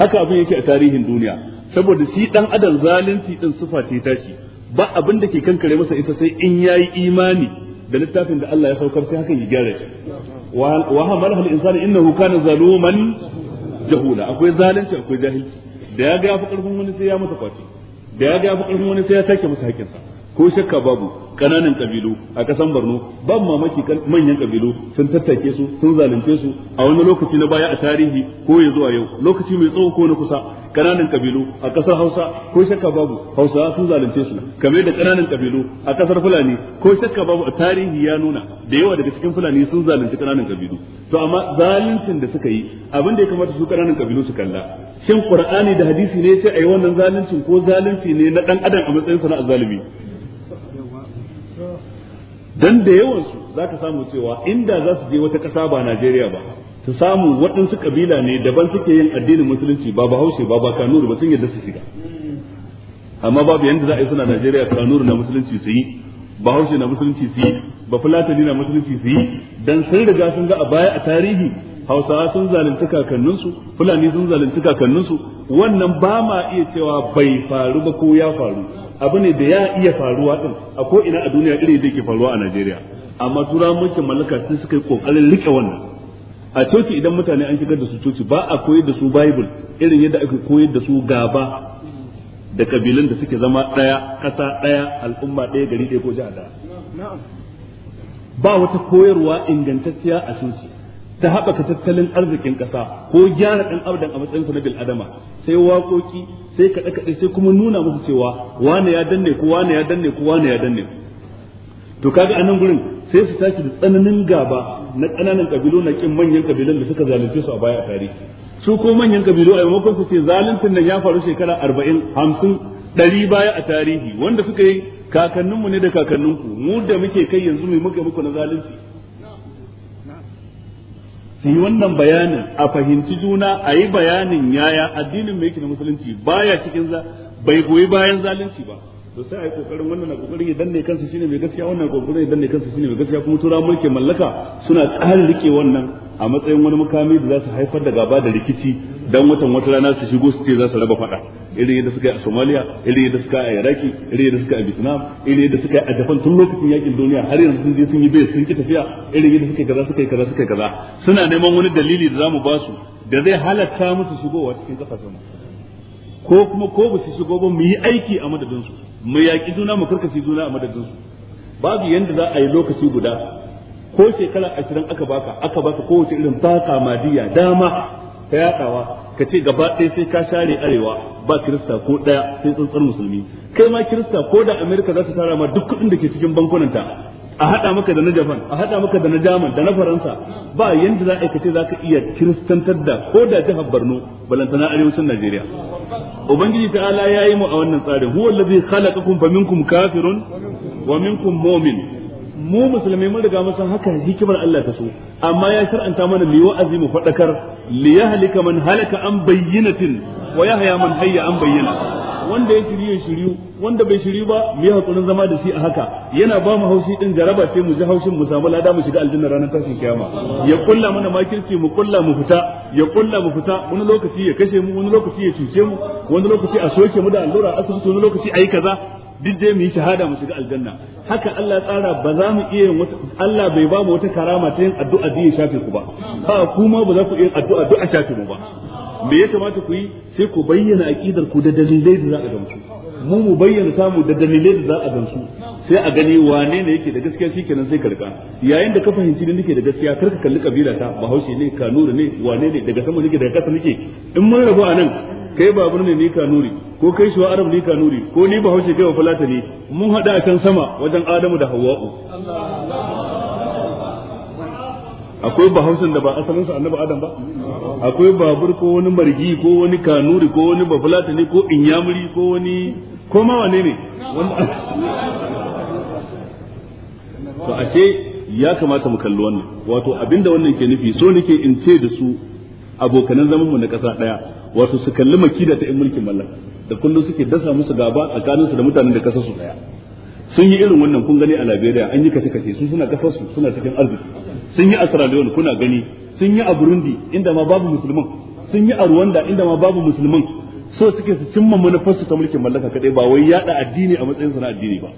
haka abin yake a tarihin duniya saboda shi dan adam zalunci din sufa ce ta shi ba abin da ke kankare masa ita sai in yayi imani da littafin da Allah ya saukar sai hakan ya gyara shi wa hamalahu al-insanu innahu kana zaluman jahula akwai zalunci akwai jahilci da ya ga ya fi ƙarfin wani sai ya masa kwace da ya ga ya fi ƙarfin wani sai ya take masa hakkinsa ko shakka babu kananan kabilu a kasan Borno ban mamaki manyan kabilu sun tattake su sun zalunce su a wani lokaci na baya a tarihi ko ya zuwa yau lokaci mai tsawo ko na kusa ƙananan kabilu a kasar Hausa ko shakka babu Hausawa sun zalunce su kamar da ƙananan kabilu a kasar Fulani ko shakka babu a tarihi ya nuna da yawa daga cikin Fulani sun zalunci kananan kabilu to amma zaluncin da suka yi abin da ya kamata su kananan kabilu su kalla shin Qur'ani da hadisi ne sai yi wannan zaluncin ko zalunci ne na ɗan adam a matsayin zalimi dan da yawan su zaka samu cewa inda za su je wata ƙasa ba Najeriya ba su samu waɗansu kabila ne daban suke yin addinin musulunci ba Bahaushe ba ba ba sun yadda su shiga amma babu yanda za a yi suna Najeriya Kanuri na musulunci su yi Bahaushe na musulunci su yi ba Fulatani na musulunci su yi dan sun riga sun ga a baya a tarihi Hausawa sun zalunci kakanninsu Fulani sun zalunci kakanninsu wannan ba ma iya cewa bai faru ba ko ya faru abu ne da ya iya faruwa din a ko ina a duniya irin da yake faruwa a Najeriya amma tura mulkin mallaka sun suka yi kokarin rike wannan a coci idan mutane an shigar da su coci ba a koyar da su bible irin yadda ake koyar da su gaba da kabilan da suke zama daya kasa daya al'umma daya gari daya ko jiha daya ba wata koyarwa ingantacciya a coci ta haɓaka tattalin arzikin ƙasa ko gyara ɗan abadan a matsayinsa na bil'adama sai waƙoƙi sai kaɗe kaɗe sai kuma nuna musu cewa wane ya danne ko wane ya danne ko wane ya danne to kaga a nan gurin sai su tashi da tsananin gaba na ƙananan kabilu na ƙin manyan ƙabilun da suka zalunce su a baya a tarihi su ko manyan kabilu a maimakon su ce zaluncin nan ya faru shekara arba'in hamsin ɗari baya a tarihi wanda suka yi kakanninmu ne da kakanninku mu da muke kai yanzu mai muka muku na zalunci su yi wannan bayanin a fahimci juna a yi bayanin yaya addinin mai yake na musulunci baya cikin za bai goyi bayan zalunci ba to sai a yi kokarin wannan na kokarin ya danne kansa shine mai gaskiya wannan kokarin ya danne kansa shine mai gaskiya kuma tura mulkin mallaka suna tsarin rike wannan a matsayin wani mukami da za su haifar da gaba da rikici dan watan wata rana su shigo su ce za su raba fada irin yadda suka yi a Somalia irin yadda suka yi a Iraki irin yadda suka yi a Vietnam irin yadda suka yi a Japan tun lokacin yakin duniya har yanzu sun je sun yi bai sun ki tafiya irin yadda suka yi kaza suka yi kaza suka yi kaza suna neman wani dalili da za ba su da zai halatta musu shigowa cikin kasashen mu ko kuma ko ba su shigo ba mu yi aiki a madadin su mu yaƙi juna mu karkashi juna a madadin su babu yanda za a yi lokaci guda ko shekara ashirin aka baka aka baka kowace irin baka madiya dama ta yadawa ka ce gaba ɗaya sai ka share arewa ba kirista ko ɗaya sai tsantsar musulmi kai ma kirista ko da amerika za su tara ma duk kuɗin da ke cikin bankunanta a haɗa maka da na japan a haɗa maka da na jaman da na faransa ba yanda za a kace za ka iya kiristantar da ko da jihar borno balantana arewacin najeriya ubangiji Ala ya yi mu a wannan tsarin huwa allazi khalaqakum faminkum kafirun wa minkum mu'min mu musulmai mun riga mun san haka hikimar Allah ta so amma ya shar'anta mana liwa wa'azi mu fadakar li yahlika man halaka an bayyinatin wa yahya man hayya an bayyana wanda ya shirye shiryu wanda bai shiryu ba mu yi hakurin zama da shi a haka yana ba mu haushi din jaraba sai mu ji haushin mu samu lada mu shiga aljanna ranar tashin kiyama ya kulla mana makirci mu kulla mu fita ya kulla mu fita wani lokaci ya kashe mu wani lokaci ya cuce mu wani lokaci a soke mu da allura asibiti wani lokaci a yi kaza duk dai mu yi shahada mu shiga aljanna haka Allah tsara ba za mu iya wata Allah bai ba mu wata karama ta yin addu'a da ya shafe ku ba ba kuma ba za ku yin addu'a duk a shafe mu ba me ya kamata ku yi sai ku bayyana aqidar ku da dalilai da za a gamsu mu mu bayyana samu da dalilai da za a gamsu sai a gani wane ne yake da gaskiya shi kenan sai karka yayin da ka fahimci ni nake da gaskiya kar ka kalli kabila ta bahaushe ne kanuri ne wane ne daga sama nake daga kasa nake in mun rabu a nan kai babur ne ni kanuri ko kai shuwa arab ni kanuri ko ni bahaushe kai wa fulata ne mun hada a can sama wajen adamu da hawa'u akwai bahaushen da ba asalinsa annabi adam ba akwai babur ko wani margi ko wani kanuri ko wani bafulata ne ko inyamuri ko wani ko ma wane ne to ashe ya kamata mu kalli wannan wato abinda wannan ke nufi so nake in ce da su abokanan zaman mu na kasa daya wato su kalli makida ta in mulkin mallaka da kullum suke dasa musu gaba tsakanin su da mutanen da kasa su ɗaya sun yi irin wannan kun gani a Liberia an yi kashe kashe sun suna ƙasar su suna cikin arziki sun yi a Sierra Leone kuna gani sun yi a Burundi inda ma babu musulman sun yi a Rwanda inda ma babu musulman so suke su cimma manufarsu ta mulkin mallaka kadai ba wai yada addini a matsayin na addini ba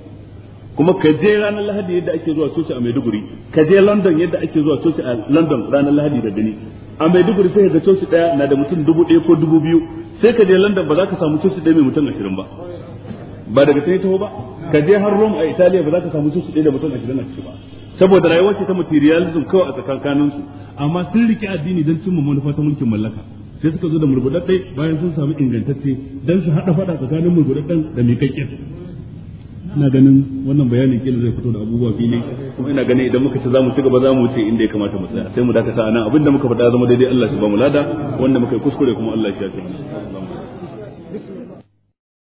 kuma ka je ranar lahadi yadda ake zuwa coci a maiduguri ka je london yadda ake zuwa coci a london ranar lahadi da gani a maiduguri sai ga coci daya na da mutum dubu ɗaya ko dubu biyu sai ka je london ba za ka samu coci ɗaya mai mutum ashirin ba ba daga ta taho ba ka je har rome a italiya ba za ka samu coci ɗaya da mutum ashirin a ciki ba saboda rayuwar ce ta materialism kawai a tsakankaninsu amma sun rike addini don cimma manufa ta mulkin mallaka sai suka zo da murgudadde bayan sun samu ingantacce dan su hada fada tsakanin murgudadden da miƙaƙƙe ina ganin wannan bayanin kila zai fito da abubuwa ne. kuma ina ganin idan muka ci zamu ci gaba mu ce inda ya kamata mu tsaya sai mu dakata anan abinda muka faɗa zama daidai Allah shi ba mu lada wanda muka yi kuskure kuma Allah shi ya tafi